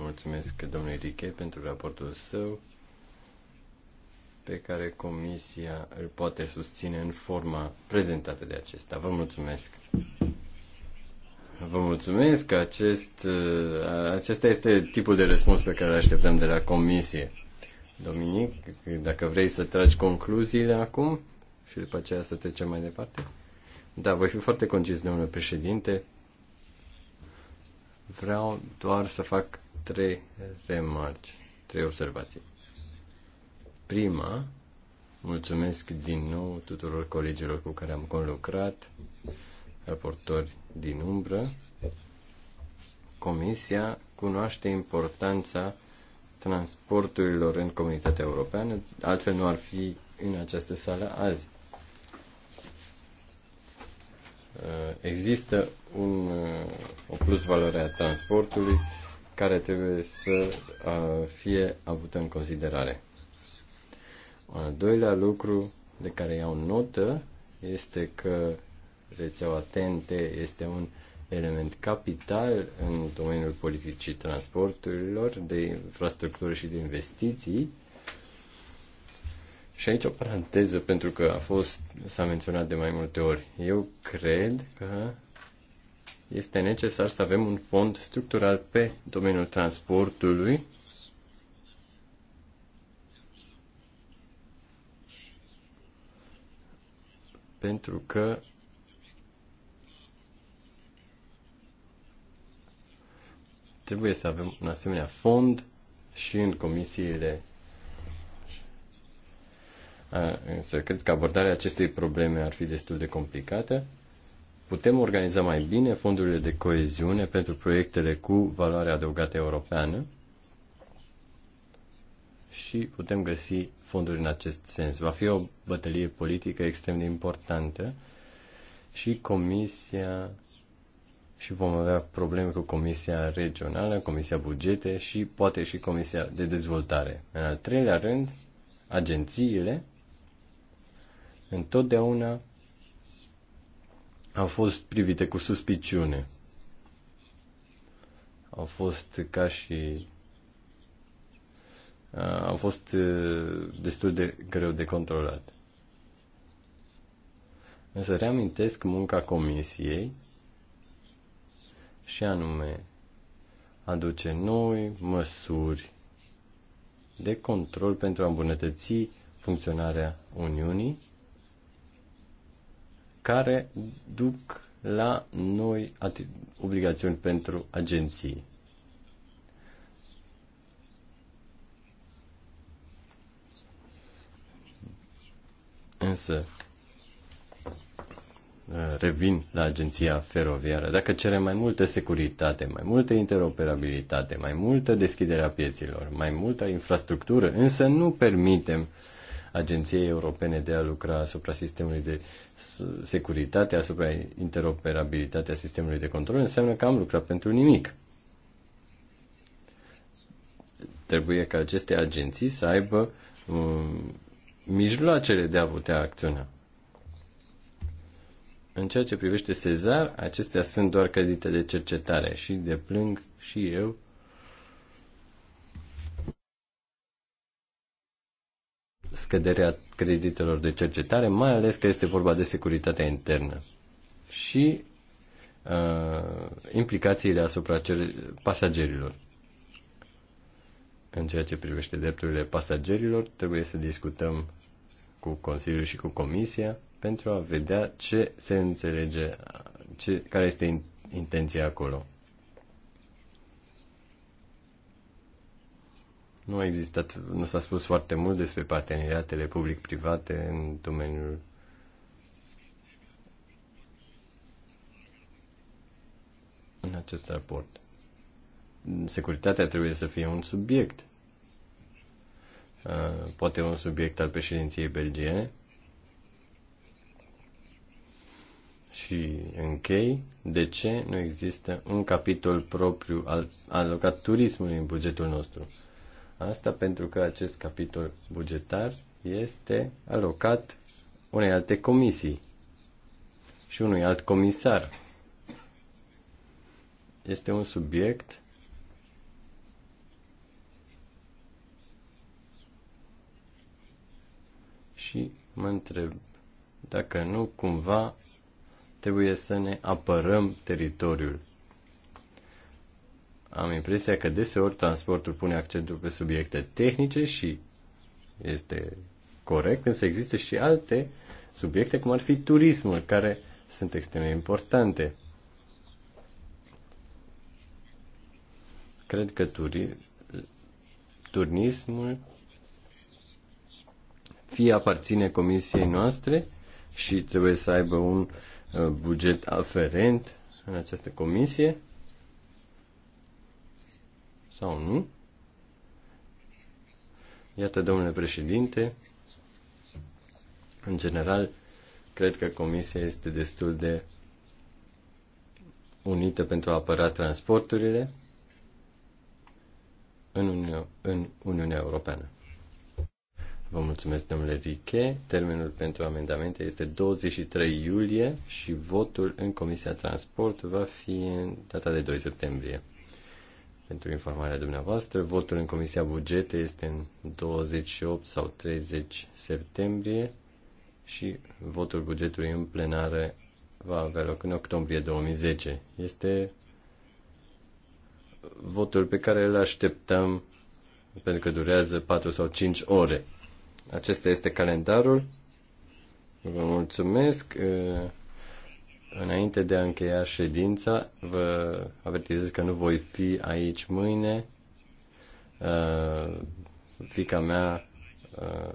S3: mulțumesc domnului Riche pentru raportul său pe care Comisia îl poate susține în forma prezentată de acesta. Vă mulțumesc! Vă mulțumesc că acest, uh, acesta este tipul de răspuns pe care îl așteptăm de la Comisie. Dominic, dacă vrei să tragi concluziile acum și după aceea să trecem mai departe. Da, voi fi foarte concis, domnule președinte. Vreau doar să fac trei remarci, trei observații. Prima, mulțumesc din nou tuturor colegilor cu care am conlucrat, raportori din umbră. Comisia cunoaște importanța transporturilor în comunitatea europeană, altfel nu ar fi în această sală azi. Uh, există un, uh, o plus valoare a transportului care trebuie să uh, fie avută în considerare al doilea lucru de care iau notă este că rețeaua TNT este un element capital în domeniul politicii transporturilor, de infrastructură și de investiții. Și aici o paranteză, pentru că a fost, s-a menționat de mai multe ori. Eu cred că este necesar să avem un fond structural pe domeniul transportului pentru că trebuie să avem un asemenea fond și în comisiile. A, însă cred că abordarea acestei probleme ar fi destul de complicată. Putem organiza mai bine fondurile de coeziune pentru proiectele cu valoare adăugată europeană și putem găsi fonduri în acest sens. Va fi o bătălie politică extrem de importantă și Comisia și vom avea probleme cu Comisia Regională, Comisia Bugete și poate și Comisia de Dezvoltare. În al treilea rând, agențiile întotdeauna au fost privite cu suspiciune. Au fost ca și Uh, au fost uh, destul de greu de controlat. Însă reamintesc munca comisiei și anume aduce noi măsuri de control pentru a îmbunătăți funcționarea Uniunii care duc la noi obligațiuni pentru agenții. Însă, uh, revin la agenția feroviară. Dacă cerem mai multă securitate, mai multă interoperabilitate, mai multă deschidere a pieților, mai multă infrastructură, însă nu permitem Agenției Europene de a lucra asupra sistemului de securitate, asupra interoperabilitatea sistemului de control, înseamnă că am lucrat pentru nimic. Trebuie ca aceste agenții să aibă um, mijloacele de a putea acționa. În ceea ce privește Sezar, acestea sunt doar credite de cercetare și plâng și eu scăderea creditelor de cercetare, mai ales că este vorba de securitatea internă și uh, implicațiile asupra pasagerilor. În ceea ce privește drepturile pasagerilor, trebuie să discutăm cu Consiliul și cu Comisia pentru a vedea ce se înțelege, ce, care este intenția acolo. Nu a existat, nu s-a spus foarte mult despre parteneriatele public-private în domeniul în acest raport. Securitatea trebuie să fie un subiect Uh, poate un subiect al președinției belgiene. Și închei, de ce nu există un capitol propriu al, alocat turismului în bugetul nostru? Asta pentru că acest capitol bugetar este alocat unei alte comisii și unui alt comisar. Este un subiect și mă întreb dacă nu cumva trebuie să ne apărăm teritoriul. Am impresia că deseori transportul pune accentul pe subiecte tehnice și este corect, însă există și alte subiecte, cum ar fi turismul, care sunt extrem de importante. Cred că turi, turismul fie aparține comisiei noastre și trebuie să aibă un uh, buget aferent în această comisie sau nu. Iată, domnule președinte, în general, cred că comisia este destul de unită pentru a apăra transporturile în Uniunea, în Uniunea Europeană. Vă mulțumesc, domnule Riche. Termenul pentru amendamente este 23 iulie și votul în Comisia Transport va fi în data de 2 septembrie. Pentru informarea dumneavoastră, votul în Comisia Bugete este în 28 sau 30 septembrie și votul bugetului în plenară va avea loc în octombrie 2010. Este votul pe care îl așteptăm pentru că durează 4 sau 5 ore. Acesta este calendarul. Vă mulțumesc. Înainte de a încheia ședința, vă avertizez că nu voi fi aici mâine. Fica mea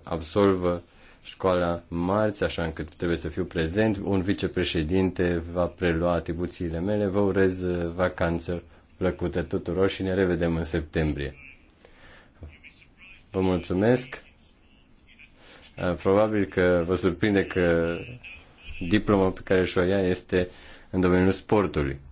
S3: absolvă școala marți, așa încât trebuie să fiu prezent. Un vicepreședinte va prelua atribuțiile mele. Vă urez vacanță plăcută tuturor și ne revedem în septembrie. Vă mulțumesc! Uh, probabil că vă surprinde că diploma pe care și-o ia este în domeniul sportului.